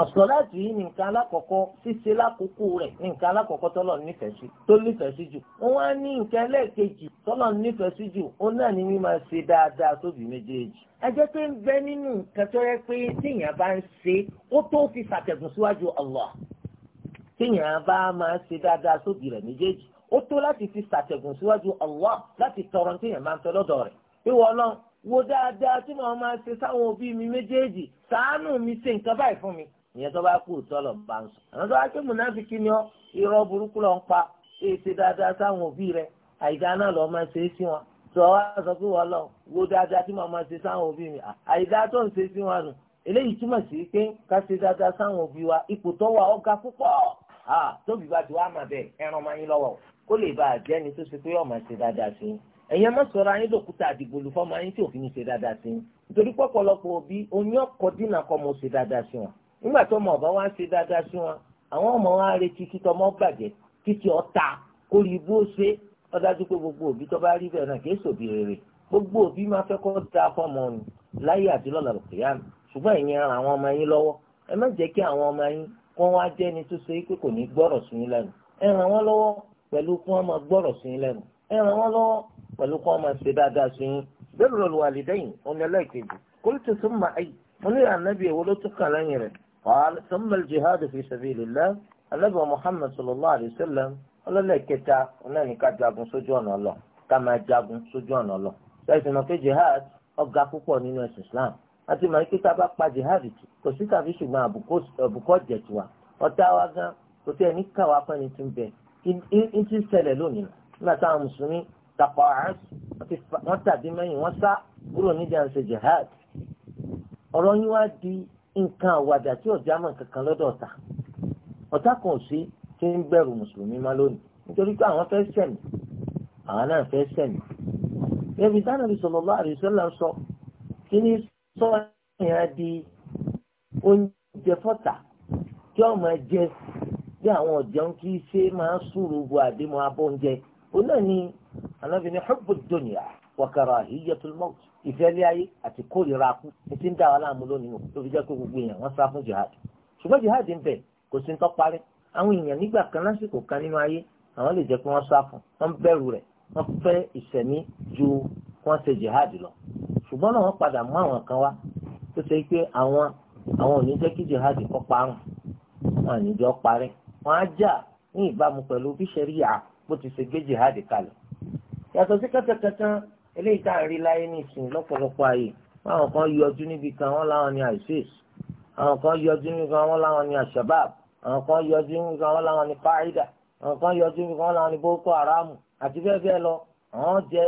àsọ̀láàtì yìí ní nǹkan alákọ̀ọ́kọ́ ṣíṣe lákòókò rẹ̀ ní nǹkan alákọ̀ọ́kọ́ tọ́lọ̀ nífẹ̀ẹ́ sí tó nífẹ̀ẹ́ sí jù wọ́n á ní nǹkan ẹlẹ́ẹ̀kejì tọ́lọ̀ nífẹ̀ẹ́ sí jù ó náà ní mímọ̀ ṣe dáadáa sóbì méjèèjì. ẹ jẹ́ pé ń bẹ nínú nǹkan tó yẹ pé tíyàn bá ń ṣe ó tó fi ṣàtẹ̀gùn síwájú Allah tíyàn bá máa ṣe dáadáa sóbì rẹ̀ méjèèjì ó tó láti fi ṣàtẹ̀gùn síwájú Allah láti tọrọ tíyàn máa ń tọ́ lọ́dọ̀ rẹ̀ ìwọ ọlọ́run wo dáadáa tí màá máa ṣe sáwọn òbí mi méjèèjì ṣàánú mi ṣe nǹkan báyìí fún mi ìyẹn tó bá kú tọ́lọ̀ bá ń sọ àwọn tó bá ké mùnáfíkì ni ọ irọ́ burúkú lọ ń pa èsì dáadáa sáwọn òbí rẹ àìdá náà lọ máa ṣe é sí wọn tó wá sọ pé wọ́n lọ wo dáadáa tí màá máa ṣe sáwọn òbí mi àìdá tó ń ṣe sí wọn nù eléyìí túmọ̀ sí pé ká ṣe dáadáa sáwọn òbí wa ipò tó wà ọ̀gá púpọ̀ tóbi bá ti wá mà bẹ́ẹ̀ ẹran máa yín lọ́wọ́ kó lè bá àjẹni tó ṣe pé ọ̀ máa ṣe dáadáa sí i ẹ̀yin ọmọ sọ̀rọ̀ ayé nígbà tó ọmọ ọba wa ń ṣe dáadáa sí wọn àwọn ọmọ wa ń retí kí tọmọ bàjẹ́ títí ọ̀tá kó rí bó ṣe ọdájú pé gbogbo òbí tó bá rí bẹ́ẹ̀ náà kì í ṣòbí rere gbogbo òbí máa fẹ́ kó da fọmọ ni láyé àti lọ́la lọ́kìyà mi ṣùgbọ́n ìyẹn ara àwọn ọmọ yín lọ́wọ́ ẹ má jẹ́ kí àwọn ọmọ yín kó wá jẹ́ni tó ṣe pé kò ní gbọ́rọ̀ sí yín lẹ́nu ẹ ràn wọ́n lọ́wọ́ pẹ̀lú kí wọ́n máa gbọ́rọ̀ sí yín lẹ́nu ẹ ràn wọ́n lọ́wọ́ pẹ̀lú kí wọ́n máa ṣe dáadáa sí yín bẹ́ẹ̀ lọ́lùwàlídẹ́yìn ọ̀nà ẹlẹ́ẹ̀kejì kólítùsùn máa ẹ̀yìn mo ní ànábì èwo ló tún قال ثم الجهاد في سبيل الله النبي محمد صلى الله عليه وسلم ọlọ́lẹ́kẹta náà ní ká jagun sójú ọ̀nà ọlọ ká máa jagun sójú ọ̀nà ọlọ. ṣẹ́sìn mọ̀ pé jihad ọ̀gá Islam àti mọ̀ pé tá a bá pa jihad tì kò sí tàbí ṣùgbọ́n àbùkọ́ jẹ̀ tiwa ọ̀tá wa gan kò tí ẹni ká wa pẹ́ni tí ń bẹ ń ti ṣẹlẹ̀ lónìí nígbà táwọn mùsùlùmí tapọ̀ àásù wọ́n tàbí mẹ́yìn wọ́n sá kúrò nídìí à ń ṣe jihad ọ̀rọ̀ yín wá di nǹkan àwàdà tí ọ̀já mọ̀ kankan lọ́dọ̀ ọ̀tá ọ̀tá kan ò sí tí ń bẹ̀rù mùsùlùmí má lónìí nítorí pé àwọn fẹ́ sẹ̀mí àwọn náà fẹ́ sẹ̀mí. ẹbí dánàbí sallallahu alaihi wasallam sọ kí ní sọ ìyẹn di oúnjẹ fọ́tà tí ó máa jẹ bí àwọn ọ̀jẹun kì í ṣe máa sùúrù bu àdémọ́ abọ́ oúnjẹ òun ni anábìnrin hubbu dunya wa karahiyatul maut ìfẹ́lẹ́ ayé àti kórìíra kú etí ń dà wá láàmú lónìí o tó fi jẹ́ pé gbogbo èèyàn wọ́n sá fún jihad ṣùgbọ́n jihad ń bẹ kò sí ń tọ́ parí àwọn èèyàn nígbà kan lásìkò kan nínú ayé àwọn lè jẹ́ pé wọ́n sá fún wọ́n bẹ̀rù rẹ̀ wọ́n fẹ́ ìṣẹ̀mí ju wọ́n ṣe jihad lọ ṣùgbọ́n náà wọ́n padà mú àwọn kan wá tó ṣe pé àwọn àwọn ò ní jẹ́ kí jihad kọ́ parun wọn à ní jọ parí wọn á jà ní ìbámu pẹ̀lú bí ṣẹ̀ríyà bó ti ṣe gbé jihad kalẹ̀ yàtọ̀ sí kẹ́tẹ́kẹ́tẹ́ eléyìí tá à ń rí láyé nìsín lọ́pọ̀lọpọ̀ ààyè àwọn kan yọjú níbi kan wọ́n láwọn ní isis àwọn kan yọjú níbi kan wọ́n láwọn ní ashabab àwọn kan yọjú níbi kan wọ́n láwọn ní qaida àwọn kan yọjú níbi kan wọ́n láwọn ní boko haram àti bẹ́ẹ̀ bẹ́ẹ̀ lọ àwọn jẹ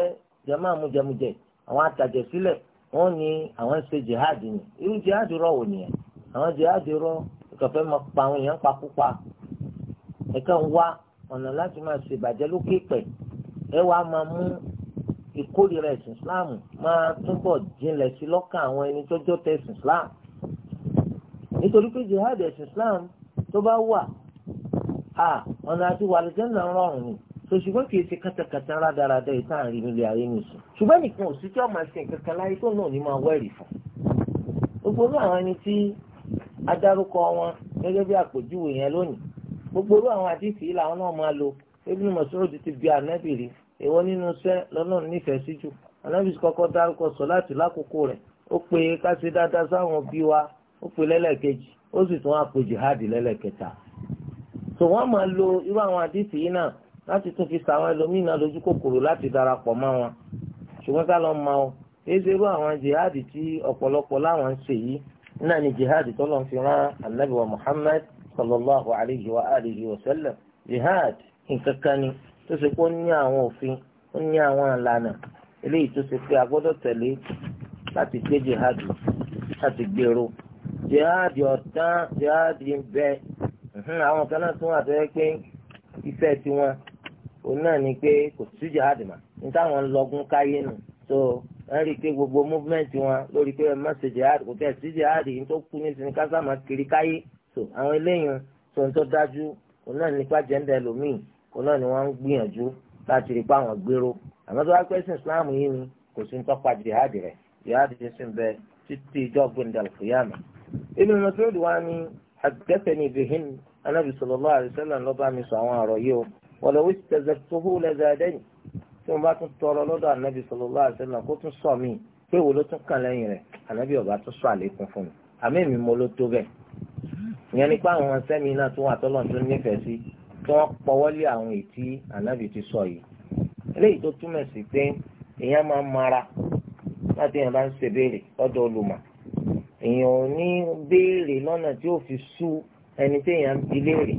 jẹmáà mujẹmujẹ àwọn àtàjẹ sílẹ̀ wọ́n ní àwọn ń ṣe jihad ni irú jihad rọ wò nìyẹn àwọn jihad rọ ìkàfẹ́ máa pa àwọn èèyàn pakúpa ẹ̀ka ń wá ọ̀nà láti máa ṣèbàjẹ́ lókè pẹ̀ ẹ wàá máa mú ìkórìíra ẹ̀sìn islam máa túbọ̀ jinlẹ̀ sí lọ́kàn àwọn ẹni tọ́jọ́ tẹ ẹ̀sìn islam nítorí pé jihad ẹ̀sìn islam tó bá wà á ọ̀nà àti wàlùjẹ́nà rọrùn ni sòṣùgbọ́n kì í ṣe kátàkátà rádaràda yìí táà ń rí nílé ayé nìṣó ṣùgbọ́n nìkan ò sí tí ọmọ ẹ̀sìn kankan láyé tó náà ní máa wẹ̀rì fún gbogbo orú àwọn ẹni tí adárúkọ wọn gẹ́gẹ́ bí àpèjúwe yẹn lónìí gbogbo orú àwọn àdìsí làwọn náà máa lo ebi ní mọ̀sọ́rọ̀ ti ti bí anábìrì èwo nínú sẹ́ lọ́lọ́run nífẹ̀ẹ́ sí jù anábì kọ́kọ́ dárúkọ sọ̀láàtì lákòókò rẹ̀ ó pe ká ṣe dáadáa sáwọn òbí wa ó pe lẹ́lẹ́kejì ó sì tún àpò jihad lẹ́lẹ́kẹta tò máa lo irú àwọn àdìsí yìí náà láti tún fi sàwọn ẹlòmíín lójú kòkòrò láti darapọ̀ mọ́ wọn ṣùgbọ́n ká lọ́ọ́ máa ọ́ èsì irú àwọn jihad tí ọ̀pọ̀lọpọ̀ láwọn ń ṣe yìí náà ni jihad tọ́lọ́ fi rán wa alayhi wa wa sallam tó ṣe pé ó ní àwọn òfin ó ní àwọn ìlànà eléyìí tó ṣe pé a gbọ́dọ̀ tẹ̀lé láti gbé jihadi láti gbèrò jihadi ọ̀tán jihadi bẹ́ẹ̀ àwọn kan náà tún wà tó yẹ pé ìfẹ́ tiwọn òun náà ni pé kò sí jihadi mà ní táwọn ń káyé nù tó wọ́n rí i pé gbogbo movement wọn lórí pé ẹ ṣe jihadi kò tẹ̀ sí jihadi tó kú ní sinikásá máa kiri káyé tó àwọn eléyìí tó ń tó dájú òun náà nípa jẹ́ńdà ẹlòmíì kó ni wọ́n ń gbìyànjú láti rí pa gbèrò àmọ́ tó wá pẹ́ sí islam yìí ni kò sí ń tọ́pa jihad rẹ̀ jihad ti sìn bẹ títí ìjọ gbẹ̀ndà lùkìyàmà. inú masoud wa ni àgbẹ̀fẹ̀ni ibihin anabi sallallahu alaihi ló bá mi sọ àwọn ọ̀rọ̀ yìí o wọ́n lọ wí tẹ̀sẹ̀tuhu lẹ́zàdẹ́yìn tí mo bá tún tọrọ lọ́dọ̀ anabi kó tún sọ kí wọ́n pọwọ́lé àwọn ètí ànábì ti sọ yìí eléyìí tó túmọ̀ sí pé èèyàn máa mara láti èèyàn bá ń ṣe béèrè lọ́dọ̀ olùmọ̀ èèyàn ò ní béèrè lọ́nà tí ó fi sú ẹni tí èèyàn ti léèrè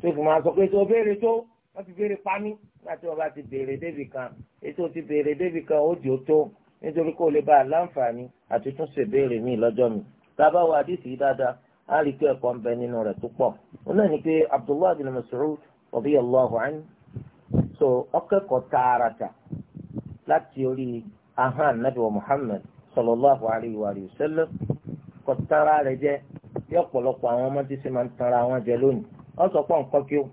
tó fi máa sọ pé tó béèrè tó wọ́n ti béèrè pamí láti wọ́n bá ti béèrè débì kan ètò ti béèrè débì kan ó dì ó tó nítorí kó lè bá a láǹfààní àti túnṣe béèrè míì lọ́jọ́ mi tá a bá wo àdìsí dáadáa a rí pé ẹ̀kọ́ ń bẹ nínú rẹ̀ tó pọ̀ òun náà ni pé abdullahi bin mas'ud radiyallahu anhu so ọkẹ́kọ̀ọ́ tààràtà láti orí ahọ́n anabi wa muhammad sallallahu alayhi wa sallam kọ́ tara rẹ̀ jẹ́ bí ọ̀pọ̀lọpọ̀ àwọn ọmọ tí sì máa ń tara wọn jẹ lónìí wọ́n sọ pé nǹkan kí ó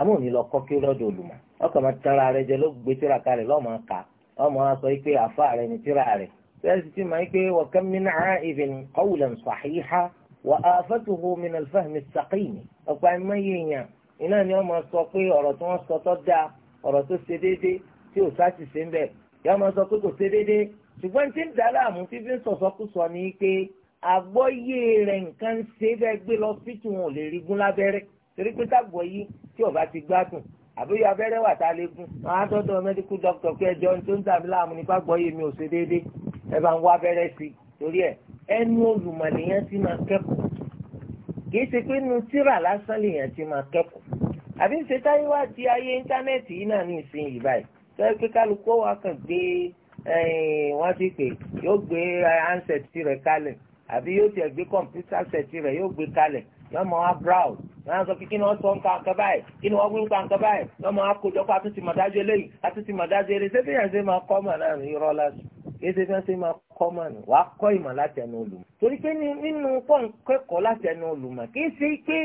àmọ́ òní lọ kọ́ kí ó lọ́dọ̀ olùmọ̀ ọkàn máa tara rẹ̀ jẹ ló gbé tíra kalẹ̀ lọ́mọ ká ọmọ wa sọ pé àfa rẹ̀ ní tíra rẹ̀ bẹ́ẹ̀ sì ti máa ń pé wa kam min 'a'ibin qawlan sahiha wà á fẹ́tùhù min alfahmi sàkínì ọ̀pọ̀ ẹ̀mọ́ yìí yàn iná ni wọ́n máa sọ pé ọ̀rọ̀ tí wọ́n sọ tó dáa ọ̀rọ̀ tó ṣe déédéé tí ò sá ti ṣe ń bẹ̀ yọ́n máa sọ pé kò ṣe déédéé ṣùgbọ́n tí ń dá láàmú fífi ń sọ̀sọ́kùsọ ni pé àgbọ́yé rẹ̀ nǹkan ṣe bẹ́ẹ̀ gbé lọ sí tí wọn ò lè rí lábẹ́rẹ́ torí pé tágbọ̀ yìí tí ó ti gbádùn àbúyọ abẹ́rẹ́ wà tá a lè gún àwọn àtọ́tọ́ mẹ́díkù dọ́kítọ̀ pé ẹjọ́ tó ń dà láàmú nípa àgbọ́yé mi ò ṣe déédéé ẹ bá ń wá abẹ́rẹ́ sí i torí ẹ ẹnu olùmọ̀lẹ́yìn ti máa kẹ́kọ̀ọ́ kìí ṣe pé nu tíra lásán lèèyàn ti máa kẹ́kọ̀ọ́ àbí ń ṣe táyé wá di ayé íńtánẹ́ẹ̀tì yìí náà ní ìsìn yìí báyìí sọ pé kálukú wa kàn gbé wọ́n ti pè yóò gbé handset rẹ̀ kalẹ̀ àbí yóò tiẹ̀ gbé kọ̀mpútà set rẹ̀ yóò gbé kalẹ̀ yóò mọ wá browse wọ́n á sọ pé kí ni wọ́n sọ nǹkan kan báyìí kí ni kéṣe fẹ́ ṣe máa kọ́ mọ̀ nù wàá kọ́ ìmọ̀ láti ẹnu olùmọ̀ torí pé nínú fọ́n kẹ́kọ̀ọ́ láti ẹnu olùmọ̀ kì í ṣe pé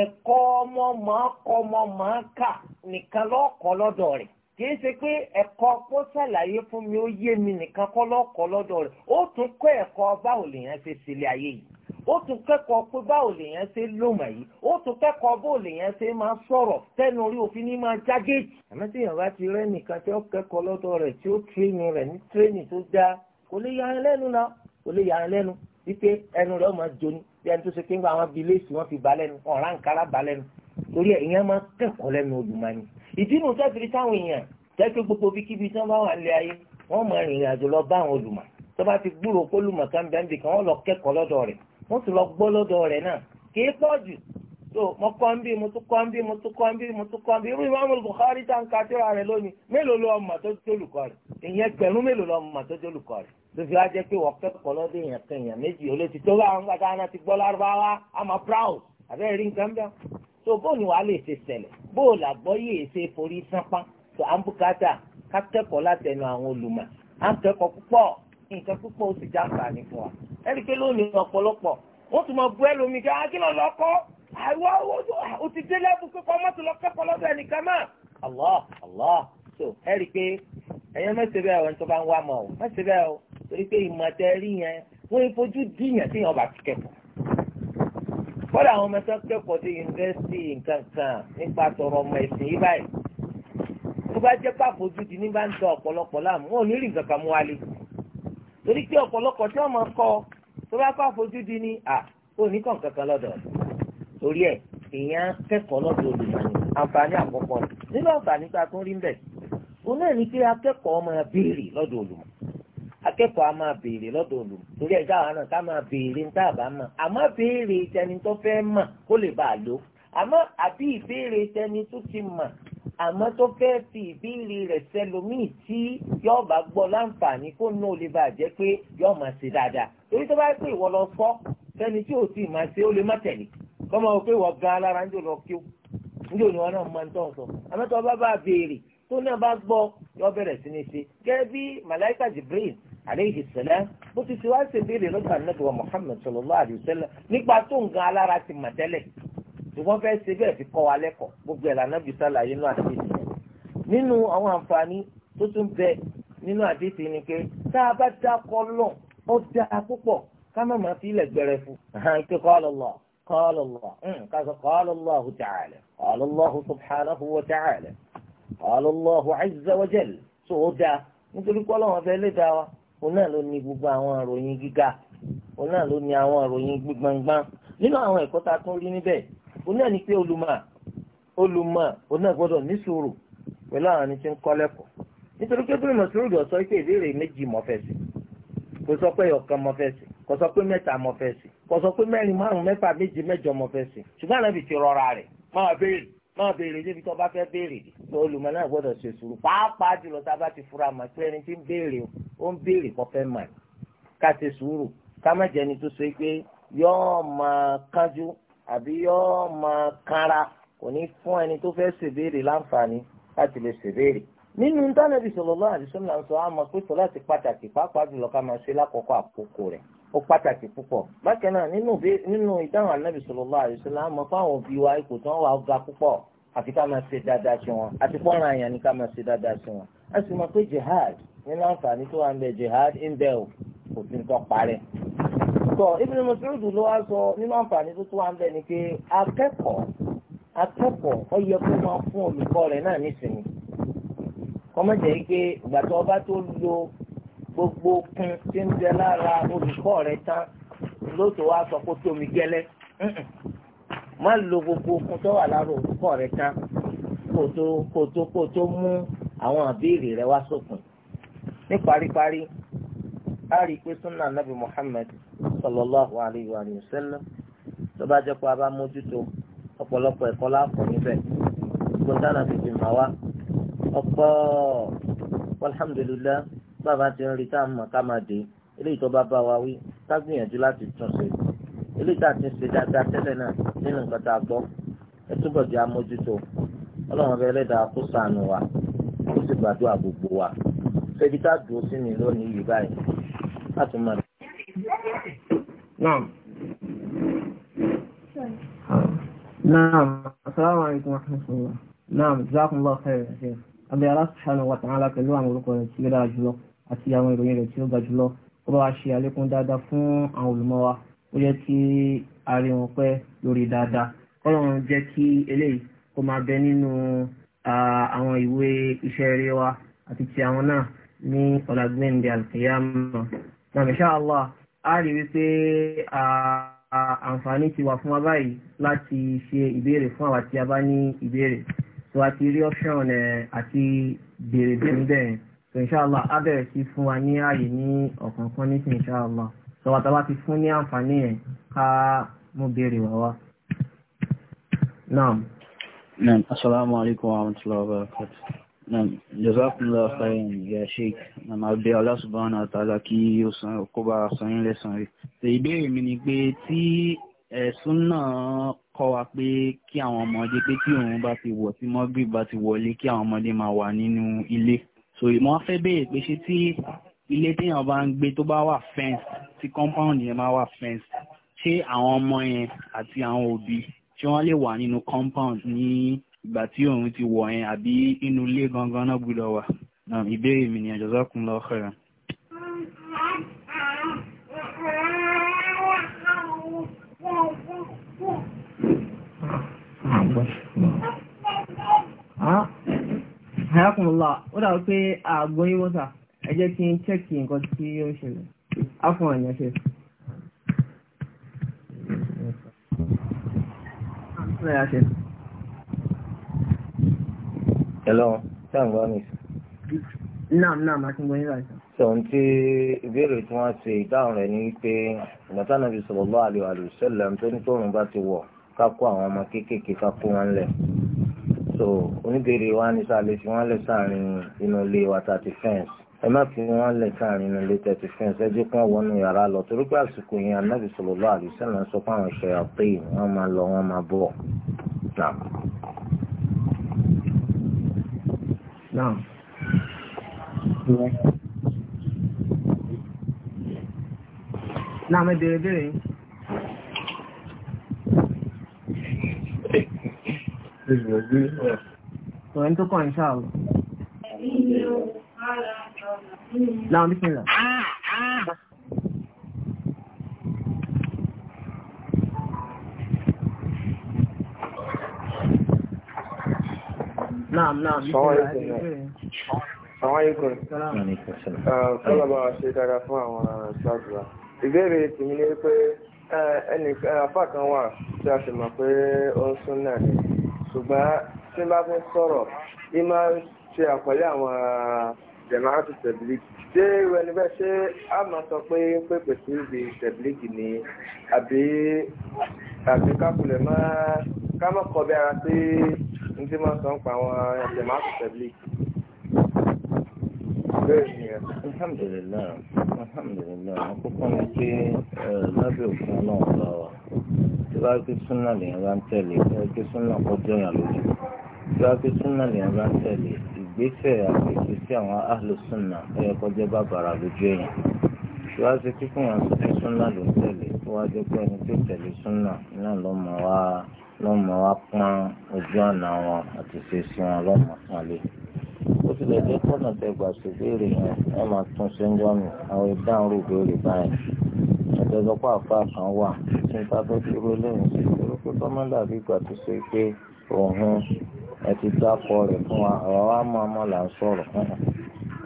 ẹ̀kọ́ ọmọ máa kọ́ ọmọ máa kà nìkan lọ́ọ̀kọ́ lọ́dọ̀ rẹ̀ kì í ṣe pé ẹ̀kọ́ kó ṣàlàyé fún mi ó yé mi nìkan kọ́ lọ́ọ̀kọ́ lọ́dọ̀ rẹ̀ ó tún kọ́ ẹ̀kọ́ báwo lèèyàn ṣe ṣe ayé yìí ó tún kẹ́kọ̀ọ́ pé báwo lèèyàn ṣe lòmọ̀ yìí ó tún kẹ́kọ̀ọ́ bó lèèyàn ṣe máa sọ̀rọ̀ tẹ́nu orí òfin ní máa jágéèjì. àmọ́ tí èèyàn bá ti rẹ́ nìkan tí ó kẹ́kọ̀ọ́ lọ́dọ̀ rẹ̀ tí ó tírénì rẹ̀ ní tírénì tó dáa kò lè yára lẹ́nu náà kò lè yára lẹ́nu wípé ẹnu rẹ̀ ó máa jóni bí ẹni tó ṣe pé àwọn abiléèsì wọn fi bá lẹ́nu ọ̀rá nkárá bá lẹ́nu torí ẹ̀ ìyẹn máa kẹ́kọ̀ọ́ lẹ́nu olùmọ̀ni ìdí nu sẹ́fìrí táwọn èèyàn jẹ́ pé gbogbo bíkíbi tí wọ́n bá wà lé ayé wọ́n máa rìnrìn olùmọ̀ wọ́n sì lọ gbọ́ lọ́dọ̀ rẹ̀ náà kì í pọ̀ jù tó mo kọ́ ń bí mo tún kọ́ ń bí mo tún kọ́ ń bí mo tún kọ́ ń bí irú ìmáàmù Bukhari tá n ka tíra rẹ̀ lónìí mélòó lọ ọmọ tó tó olùkọ́ rẹ̀ èèyàn gbẹ̀rún mélòó lọ ọmọ tó tó olùkọ́ rẹ̀ tó fi wá jẹ́ pé wọ́n kẹ́kọ̀ọ́ lọ́dọ̀ èèyàn kan èèyàn méjì olóòtú tó bá àwọn gbàdá náà ti gbọ́ lárúbáwá àmọ́ proud àbẹ́rẹ́ rí nǹkan bẹ́ẹ̀ so bóò ni wàá lè ṣe ṣẹlẹ̀ bóò làgbọ́ yìí ṣe forí sánpá so àǹbùkátà ká látẹnu àwọn olùmọ̀ à púpọ̀ nǹkan púpọ̀ ó sì já nǹkan ní fún wa ẹni pé lónìí ọ̀pọ̀lọpọ̀ wọ́n tún máa bu ẹlòmíì kí á ah, kí lọ lọ kọ́ àìwọ́ o ti dé lẹ́bù pípọ́ mọ́tò lọ kẹ́kọ̀ọ́ lọ́dọ̀ ẹnìkan náà Allah Allah so ẹ̀rí pé ẹ̀yàn mẹ́sẹ̀ bẹ́ẹ̀ ọ̀ tó bá ń wá mọ̀ ọ́ mẹ́sẹ̀ bẹ́ẹ̀ o torí pé ìmọ̀ tẹ rí yẹn wọ́n ń fojú dìyàn tí yẹn bá ti kẹ́kọ̀ọ́ kọ́dà àwọn ọmọ ẹ̀sán kẹ́kọ̀ọ́ sí yunifásitì nǹkan kan nípa tọrọ ọmọ ẹ̀sìn yìí báyìí tó bá jẹ́ pàfojú di nígbà ń tọ ọ̀pọ̀lọpọ̀ láàmú wọn ò ní rí nǹkan kan mú wálé torí pé ọ̀pọ̀lọpọ̀ tí ọmọ kọ tó bá kọ́ àfojúdi ni à ó ní kàn kankan lọ́dọ̀ torí ẹ̀ èèyàn kẹ́kọ̀ọ́ lọ́dọ̀ olùmọ̀ọ́ni àǹfààní àkọ́kọ́ nínú àǹfààní tá a tún rí ń bẹ̀ òun náà ní pé akẹ́kọ̀ọ́ máa béèrè lọ́dọ̀ olùmọ̀ akẹ́kọ̀ọ́ a máa béèrè lọ́dọ̀ olùmọ̀ torí ẹ̀dá àwọn náà ká máa béèrè níta àbá mọ̀ àmọ́ béèrè tẹni tó fẹ́ àmọ́ tó fẹ́ fi ìbéèrè rẹ̀ sẹlòmíì tí yóò bá gbọ́ láǹfààní kó ná ò lè bàa jẹ́ pé yóò máa ṣe dáadáa torí tó bá pè lọ tí ò sì máa ṣe ó o pé ìwọ gan alára ń jò lọ kí ó ń jò ní wọn náà máa ń tọ̀ sọ àmọ́ tó bá bá béèrè tó náà bá gbọ́ bẹ̀rẹ̀ sí ṣe gẹ́gẹ́ bí malaika Jibril bó ti ṣe wá ṣe béèrè ṣùgbọ́n fẹ́ ṣe bẹ́ẹ̀ fi kọ́ wa lẹ́kọ̀ọ́ gbogbo ẹ̀ lànà bí sàlàyé nínú àdéhìí nínú àwọn àǹfààní tó tún bẹ nínú àdéhìí ni pé tá a bá lọ ó dáa púpọ̀ ká fi ilẹ̀ gbẹrẹ fún un pé tó o dáa nítorí fẹ́ lé wa náà ló ní gbogbo àwọn àròyìn gíga náà ló ní àwọn àròyìn nínú òun náà ni pé olùmọ̀ olùmọ̀ òun náà gbọ́dọ̀ ní sùúrù pẹ̀lú àwọn ẹni tí ń kọ́ lẹ́kọ̀ọ́ nítorí pé gómìnà sùúrù sọ pé ìbéèrè méjì mọ́ fẹ́ sí kò sọ pé ọ̀kan mọ́ fẹ́ sí kò sọ pé mẹ́ta mọ́ fẹ́ sí kò sọ pé mẹ́rin márùn mẹ́fà méje mẹ́jọ mọ́ fẹ́ sí ṣùgbọ́n àná fi ti rọra rẹ̀ máa béèrè máa béèrè débi tó bá fẹ́ béèrè dé pé olùmọ̀ náà gbọ́dọ̀ ṣe sùúrù pàápàá jùlọ tá a bá ti fura mọ̀ pé ẹni tí ń béèrè ó ń béèrè kọ́ fẹ́ mọ̀ ká ṣe sùúrù ká má jẹni tó ṣe pé yọ́ọ́ máa kánjú àbí yóò máa kára kò ní fún ẹni tó fẹ́ ṣèbéèrè láǹfààní láti lè ṣèbéèrè. nínú tánàbí sallallahu alaihi wasallam sọ àmọ́ pé sọ láti pàtàkì pàápàá jùlọ ká máa ṣe lákòókò àkókò rẹ̀ ó pàtàkì púpọ̀. bákan náà nínú ìdáhùn anábì sallallahu alaihi wasallam àmọ́ fáwọn òbí wa ipò tí wọ́n wà ga púpọ̀ àfi ká máa ṣe dáadáa sí wọn àti pọ́nra àyàn ni ká máa ṣe dáadáa sí wọn. a sì mọ̀ pé jihad nínú àǹfààní tó wà ń bẹ jihad ń bẹ ò kò sí parẹ́ sọ Ibn Mas'ud ló wá sọ nínú àǹfààní tó tún wá ń bẹ̀ ni pé akẹ́kọ̀ọ́ akẹ́kọ̀ọ́ ó yẹ kó máa fún olùkọ́ rẹ̀ náà nísìnyí kọ́mọ̀jẹ̀ yìí pé ìgbà tó ọba tó lo gbogbo kun tí ń bẹ lára olùkọ́ rẹ̀ tán ló tó wá sọ kó tómi gẹ́lẹ́ má lo gbogbo kun tó wà lára olùkọ́ rẹ̀ tán kó tó kó tó kó tó mú àwọn àbíìrì rẹ̀ wá sókun ní paríparí a rí i pé sunna nabi Muhammad sallallahu alayhi wa sallam tó bá jẹ́ pé a bá mójútó ọ̀pọ̀lọpọ̀ ẹ̀kọ́ láàpọ̀ níbẹ̀ gbogbo dáná fi fi mà wá ọ̀pọ̀ alhamdulilayi bàbá ti ń rí tá a mọ̀ ká máa dé eléyìí tó bá bá wa wí ká gbìyànjú láti tún ṣe eléyìí tá a ti ń ṣe dáadáa tẹ́lẹ̀ náà nínú nǹkan tá a gbọ́ ẹ túbọ̀ jẹ́ amójútó ọlọ́run ọbẹ̀ ẹlẹ́dàá kó ṣàánú wa ó sì gbàdúrà gbogbo wa ṣé ibi tá a dùn sí ni lónìí yìí báyìí láti máa. Naam. Naam. Assalamu alaikum wa rahmatullah. Naam. Jazakumullahu khairan ṣe. Abẹ́ Allah subhanahu wa ta'ala pẹ̀lú àwọn orúkọ rẹ̀ tí ó dára jùlọ àti àwọn ìròyìn rẹ̀ tí ó ga jùlọ. Ó bá wa ṣe àlékún dáadáa fún àwọn olùmọ̀ wa. Ó yẹ kí a rí wọn pẹ́ lórí dáadáa. Ọlọ́run jẹ́ kí eléyìí kó máa bẹ nínú àwọn ìwé iṣẹ́ rere wa àti ti àwọn náà ní ọ̀làgbẹ́ndẹ̀ àlùkìyàmọ̀. Naam, insha Allah a rí wípé àǹfààní ti wà fún wa báyìí láti ṣe ìbéèrè fún àwa tí a bá ní ìbéèrè so a ti rí option àti béèrè bẹ́ẹ̀ bẹ́ẹ̀ so inṣàlá a bẹ̀rẹ̀ sí fún wa ní ààyè ní ọ̀kọ̀ọ̀kan ní sin inṣàlá so wa tàbá ti fún ní àǹfààní ẹ̀ ká mú béèrè wá wá. naam. naam asalaamualeykum wa rahmatulahi wa barakatuh. Nam, jazakumullahu khairan ya sheik. Nam àbí Allah subhanahu wa ta'ala kí kó bá sọyún lẹ́sàn rí. Ṣé ìbéèrè mi ni pé tí ẹ̀sùn náà kọ́ wa pé kí àwọn ọmọdé pé tí òun bá ti wọ̀ tí mọ́gbì bá ti wọlé kí àwọn ọmọdé máa wà nínú ilé. So ìmọ̀ fẹ́ béèrè pé ṣé tí ilé téèyàn bá ń gbé tó bá wà fẹ́ǹsì tí compound yẹn máa wà fẹ́ǹsì ṣé àwọn ọmọ yẹn àti àwọn òbí ṣé wọ́n lè wà nínú compound ni ìgbà tí òun ti wọ̀ yẹn àbí inú ilé gangan náà gbúdọ̀ wà náà ìbéèrè mi ni jazakumullahu khairan. àyàkùnlá ó dà pé àgbọ̀ yíwọ́ sà ẹ jẹ́ kí n chẹ́kì nǹkan tí ó ń ṣẹlẹ̀ áfún àyànṣe. Thank you. Hello, sáàgbọ́n mi. Naam, naam, àti gbọ́n yíra ìsàn. Sọ̀n tí ìbéèrè tí wọ́n ṣe ìdáhùn rẹ̀ ni wípé ìgbàtà nàbí sallallahu alaihi wasallam tó ní tóun bá ti wọ̀ ká kó àwọn ọmọ kéékèèké ká kó wọn lẹ̀. So oníbèrè wa ní sáà lè fi wọ́n lẹ̀ sáàrin inú ilé wa tàti fẹ́ǹsì ẹ má fi wọn lẹ káàrin ní ilé tẹtí fún ẹsẹ jẹ kí wọn wọnú yàrá lọ torí pé àsìkò yẹn anábì sallallahu alaihi wasallam sọ fún àwọn ṣẹyà Naam. Naam, ẹ̀bẹ̀rẹ̀ bẹ̀rẹ̀ yìí. Ọ̀rẹ́ tó kọ̀ ìṣàlọ̀. Naam, bí Na'am, na'am. Àwọn ikùn. Kọ́lọ̀bà ṣe dára fún àwọn ṣáàtùwà. Ìbéèrè ti mi ní pé ẹni apá kan wà tí a sì mọ̀ pé ó ń sún náà ni. Ṣùgbọ́n tí bá fi sọ̀rọ̀, ì máa ń ṣe àpẹẹlẹ àwọn jẹ̀máàtì tẹ̀bílíkì. Ṣé irú ẹni bẹ́ẹ̀ ṣé a máa sọ pé pèpè sí ibi tẹ̀bílíkì ni àbí kákulẹ̀ máa ká mọ̀ kọ́ bí ara sí ní tí máa sọ ń pa àwọn jamaatu tabligh bẹ́ẹ̀ ni ẹ. alhamdulilayi alhamdulilayi àkọ́kọ́ ni pé lábẹ́ òfin náà bá wa tí wàá gbé súnà lèyìn bá ń tẹ̀lé tí wàá gbé súnà kọjọ́ yàn lójú tí wàá gbé súnà lèyìn bá ń tẹ̀lé ìgbésẹ̀ àgbègbè sí àwọn ahlu súnà bàbàrà lójú èèyàn tí wàá ṣe kíkún yàn sí súnà ló ń wá jẹ́ pé ẹni tó tẹ̀lé súnà náà ló mọ̀ wá ló mọ̀ wá pọ́n ojú ọ̀nà wọn àti ṣèṣì wọn lọ́mọ pọ́nlé. ó ti lè jẹ́ pọ́nà tẹ gbà ṣèbéèrè yẹn ẹ máa tún ṣe ń jọ́nù àwọn ìdáhùn rògbòrè báyìí. àjọyọ̀pọ̀ àfa kan wà tí n ta tó dúró lẹ́yìn sí torí pé tọ́mọ́ dàbí ìgbà tó ṣe pé òun ẹ ti dákọ rẹ̀ fún wa ọ̀rọ̀ wa mọ́ là ń sọ̀rọ̀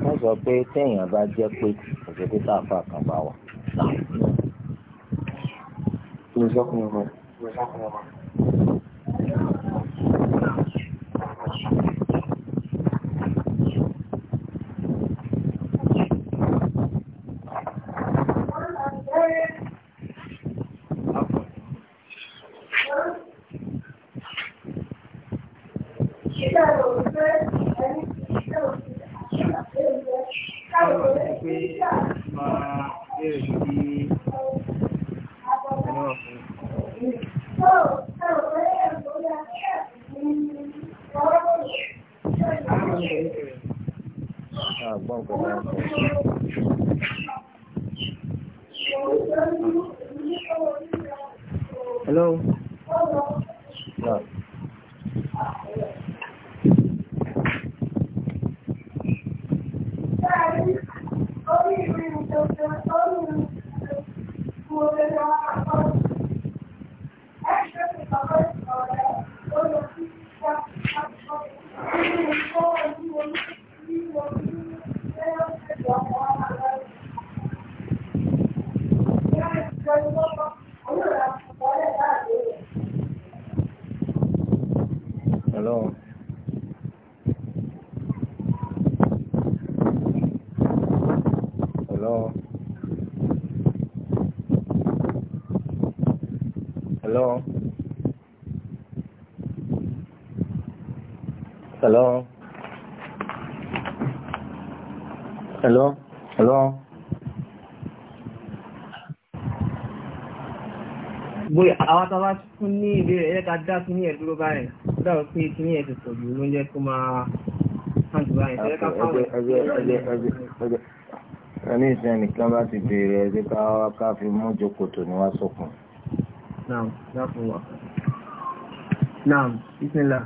wọ́n sọ pé téèyàn bá jẹ́ pé òṣèpítà àfa kan bá wà náà. 有小朋友吗？有小朋友吗？Hello? Hello? Hello? Bóyá àwọn tàbá fún ní ìbéèrè ẹ̀ẹ́ka dá sí ní ẹ̀dúró báyìí, dáwọ̀ pé kí ní ẹ̀sẹ̀ pọ̀ jù ló ń jẹ́ kó máa hàndù báyìí. Ẹ̀ẹ́ka fáwọn ẹ̀sẹ̀ ẹni ìsìn nìkan bá ti béèrè ẹ̀dẹ́ ká wá ká fi mú jókòtò ní wá sókun. Naam, dákun wà. Naam, ìsìn láà.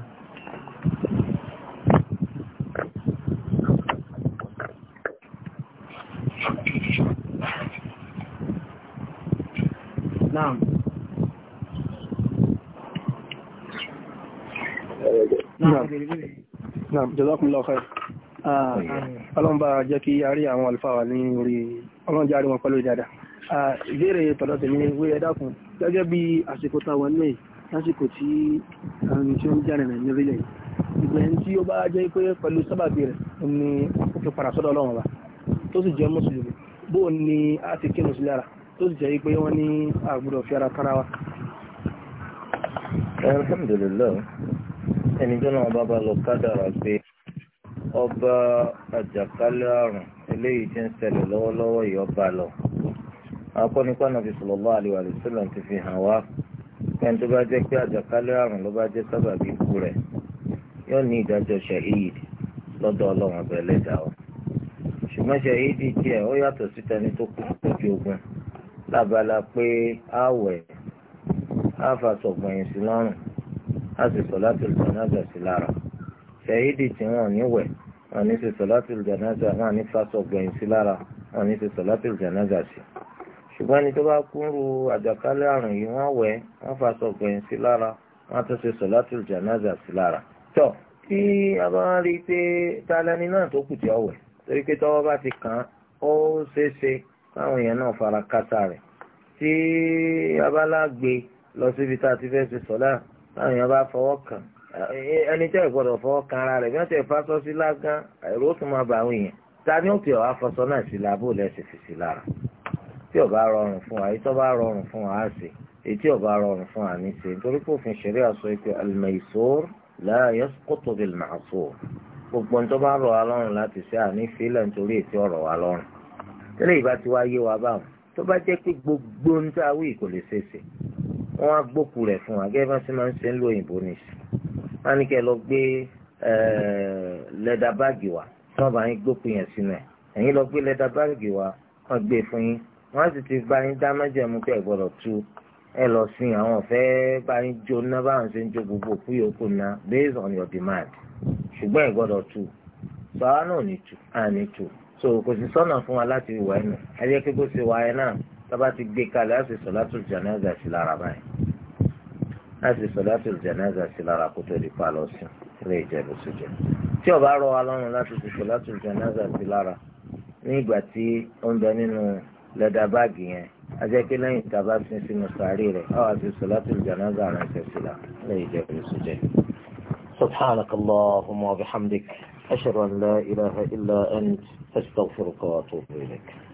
Naam, jazakumullahu khair. Ah, Ọlọ́mbà jẹ́ kí a rí àwọn alfáwà ní orí ọlọ́njà rí wọn pẹ̀lú ìdádá. Ah, ìbéèrè tọ̀dọ̀ tèmi wé ẹ̀dàkùn gẹ́gẹ́ bí àsìkò táwọn náà lásìkò tí àrùn tí ó ń jáde rẹ̀ nílẹ̀ yìí. Ìgbẹ̀yìn tí ó bá jẹ́ pé pẹ̀lú sábàbí rẹ̀ ni ó padà sọ́dọ̀ ọlọ́run wa tó sì jẹ́ mùsùlùmí. Bó ni a ti kí mùsùlùmí tó sì jẹ́ pé wọ́n ní àgbùdọ̀ fi ara kára wa. ẹni tó náà bá ba lọ kádàrà pé ọba àjàkálẹ̀ àrùn eléyìí ti ń ṣẹlẹ̀ lọ́wọ́lọ́wọ́ yìí ọba lọ. akọ́nipa nàbí sallallahu ti fi hàn wá ẹni tó bá jẹ́ pé àjàkálẹ̀ àrùn ló bá jẹ́ sábàbí ikú rẹ̀ yóò ní ìdájọ́ shahid lọ́dọ̀ ọlọ́run ọbẹ̀ ẹlẹ́dàá o. ṣùgbọ́n shahid tiẹ̀ ó yàtọ̀ tó kú ogun lábala pé àwẹ̀ á sì solatul janaza sí lára ṣèyídì tí wọn ò ní wẹ̀ wọn ní ṣe solatul janaza wọn à ní fásọ gbẹ̀yìn sí lára wọn ní ṣe solatul janaza sí ṣùgbọ́n ẹni tó bá kúrú àjàkálẹ̀ àrùn yìí wọ́n wẹ̀ wọ́n fásọ gbẹ̀yìn sí lára wọ́n tún ṣe solatul janaza sí lára tọ́ tí a bá rí i pé talẹ́ni náà tó kù tí ti kàn fara kátà rẹ̀ tí abala gbé lọ síbi tá a ti fẹ́ ṣe sọ́lá táwọn èèyàn bá fọwọ́ kàn ẹni tẹ́ ìgbọ́dọ̀ fọwọ́ kan ara rẹ̀ bí wọ́n tẹ̀ fásọ sí lágán àìró tún máa bá àwọn èèyàn ta ni ó ti ọ̀ afọsọ náà sí lábò lẹ́sìn fi sí lára tí ò bá rọrùn fún wa èyí tó bá rọrùn fún wa á ṣe èyí tí ò bá rọrùn fún wa ní ṣe nítorí pé òfin ṣẹ̀rí àṣọ ìpè al-maysur la yasqutu bil-ma'sur gbogbo ń tó bá rọ̀ wá lọ́rùn láti ṣe àní fílẹ̀ nítorí èyí tí ò rọ̀ wá lọ́rùn tẹ́lẹ̀ ìbá ti wá yé wa báwọn tó bá jẹ́ pé gbogbo ń tá a wí kò lè ṣeéṣe wọ́n á gbókù rẹ̀ fún wa gẹ́gẹ́ bá ṣe máa ń ṣe ń lo òyìnbó ni wọ́n á ní kẹ́ lọ gbé eh, lẹ́dà báàgì wa tí wọ́n bá yín gbókù yẹn sínú ẹ̀ ẹ̀yin lọ gbé lẹ́dà báàgì wa wọ́n gbé e fún yín wọ́n á sì ti bá yín dá májẹ̀mú pé ẹ̀ gbọ́dọ̀ tú ẹ lọ sin àwọn ọ̀fẹ́ bá yín jóná báwọn ṣe ń jó gbogbo òkú yòókù ná based on your demand ṣùgbọ́n ẹ̀ gbọ́dọ̀ tú sọ àwọn náà ní tú àní tú so kò sí sọ́nà fún wa láti wà ẹ̀ nù ẹ jẹ́ kí bó ṣe wà ẹ náà tába ti gbé kalẹ̀ á sì sọ̀látù janaza sí lára báyìí á sì sọ̀látù janaza sí lára kó tó di pa lọ sí ilé ìjẹ̀bù sójà tí ó bá rọ wa lọ́rùn láti ti sọ̀látù janaza sí lára ní ìgbà tí ó ń bẹ nínú lẹ́dà báàgì yẹn a jẹ́ pé lẹ́yìn tá a sínú sàárì rẹ̀ á wà sí sọ̀látù janaza ránṣẹ́ sí lára ilé ìjẹ̀bù sójà. سبحانك اللهم وبحمدك أشهد أن لا إله إلا أنت أستغفرك وأتوب إليك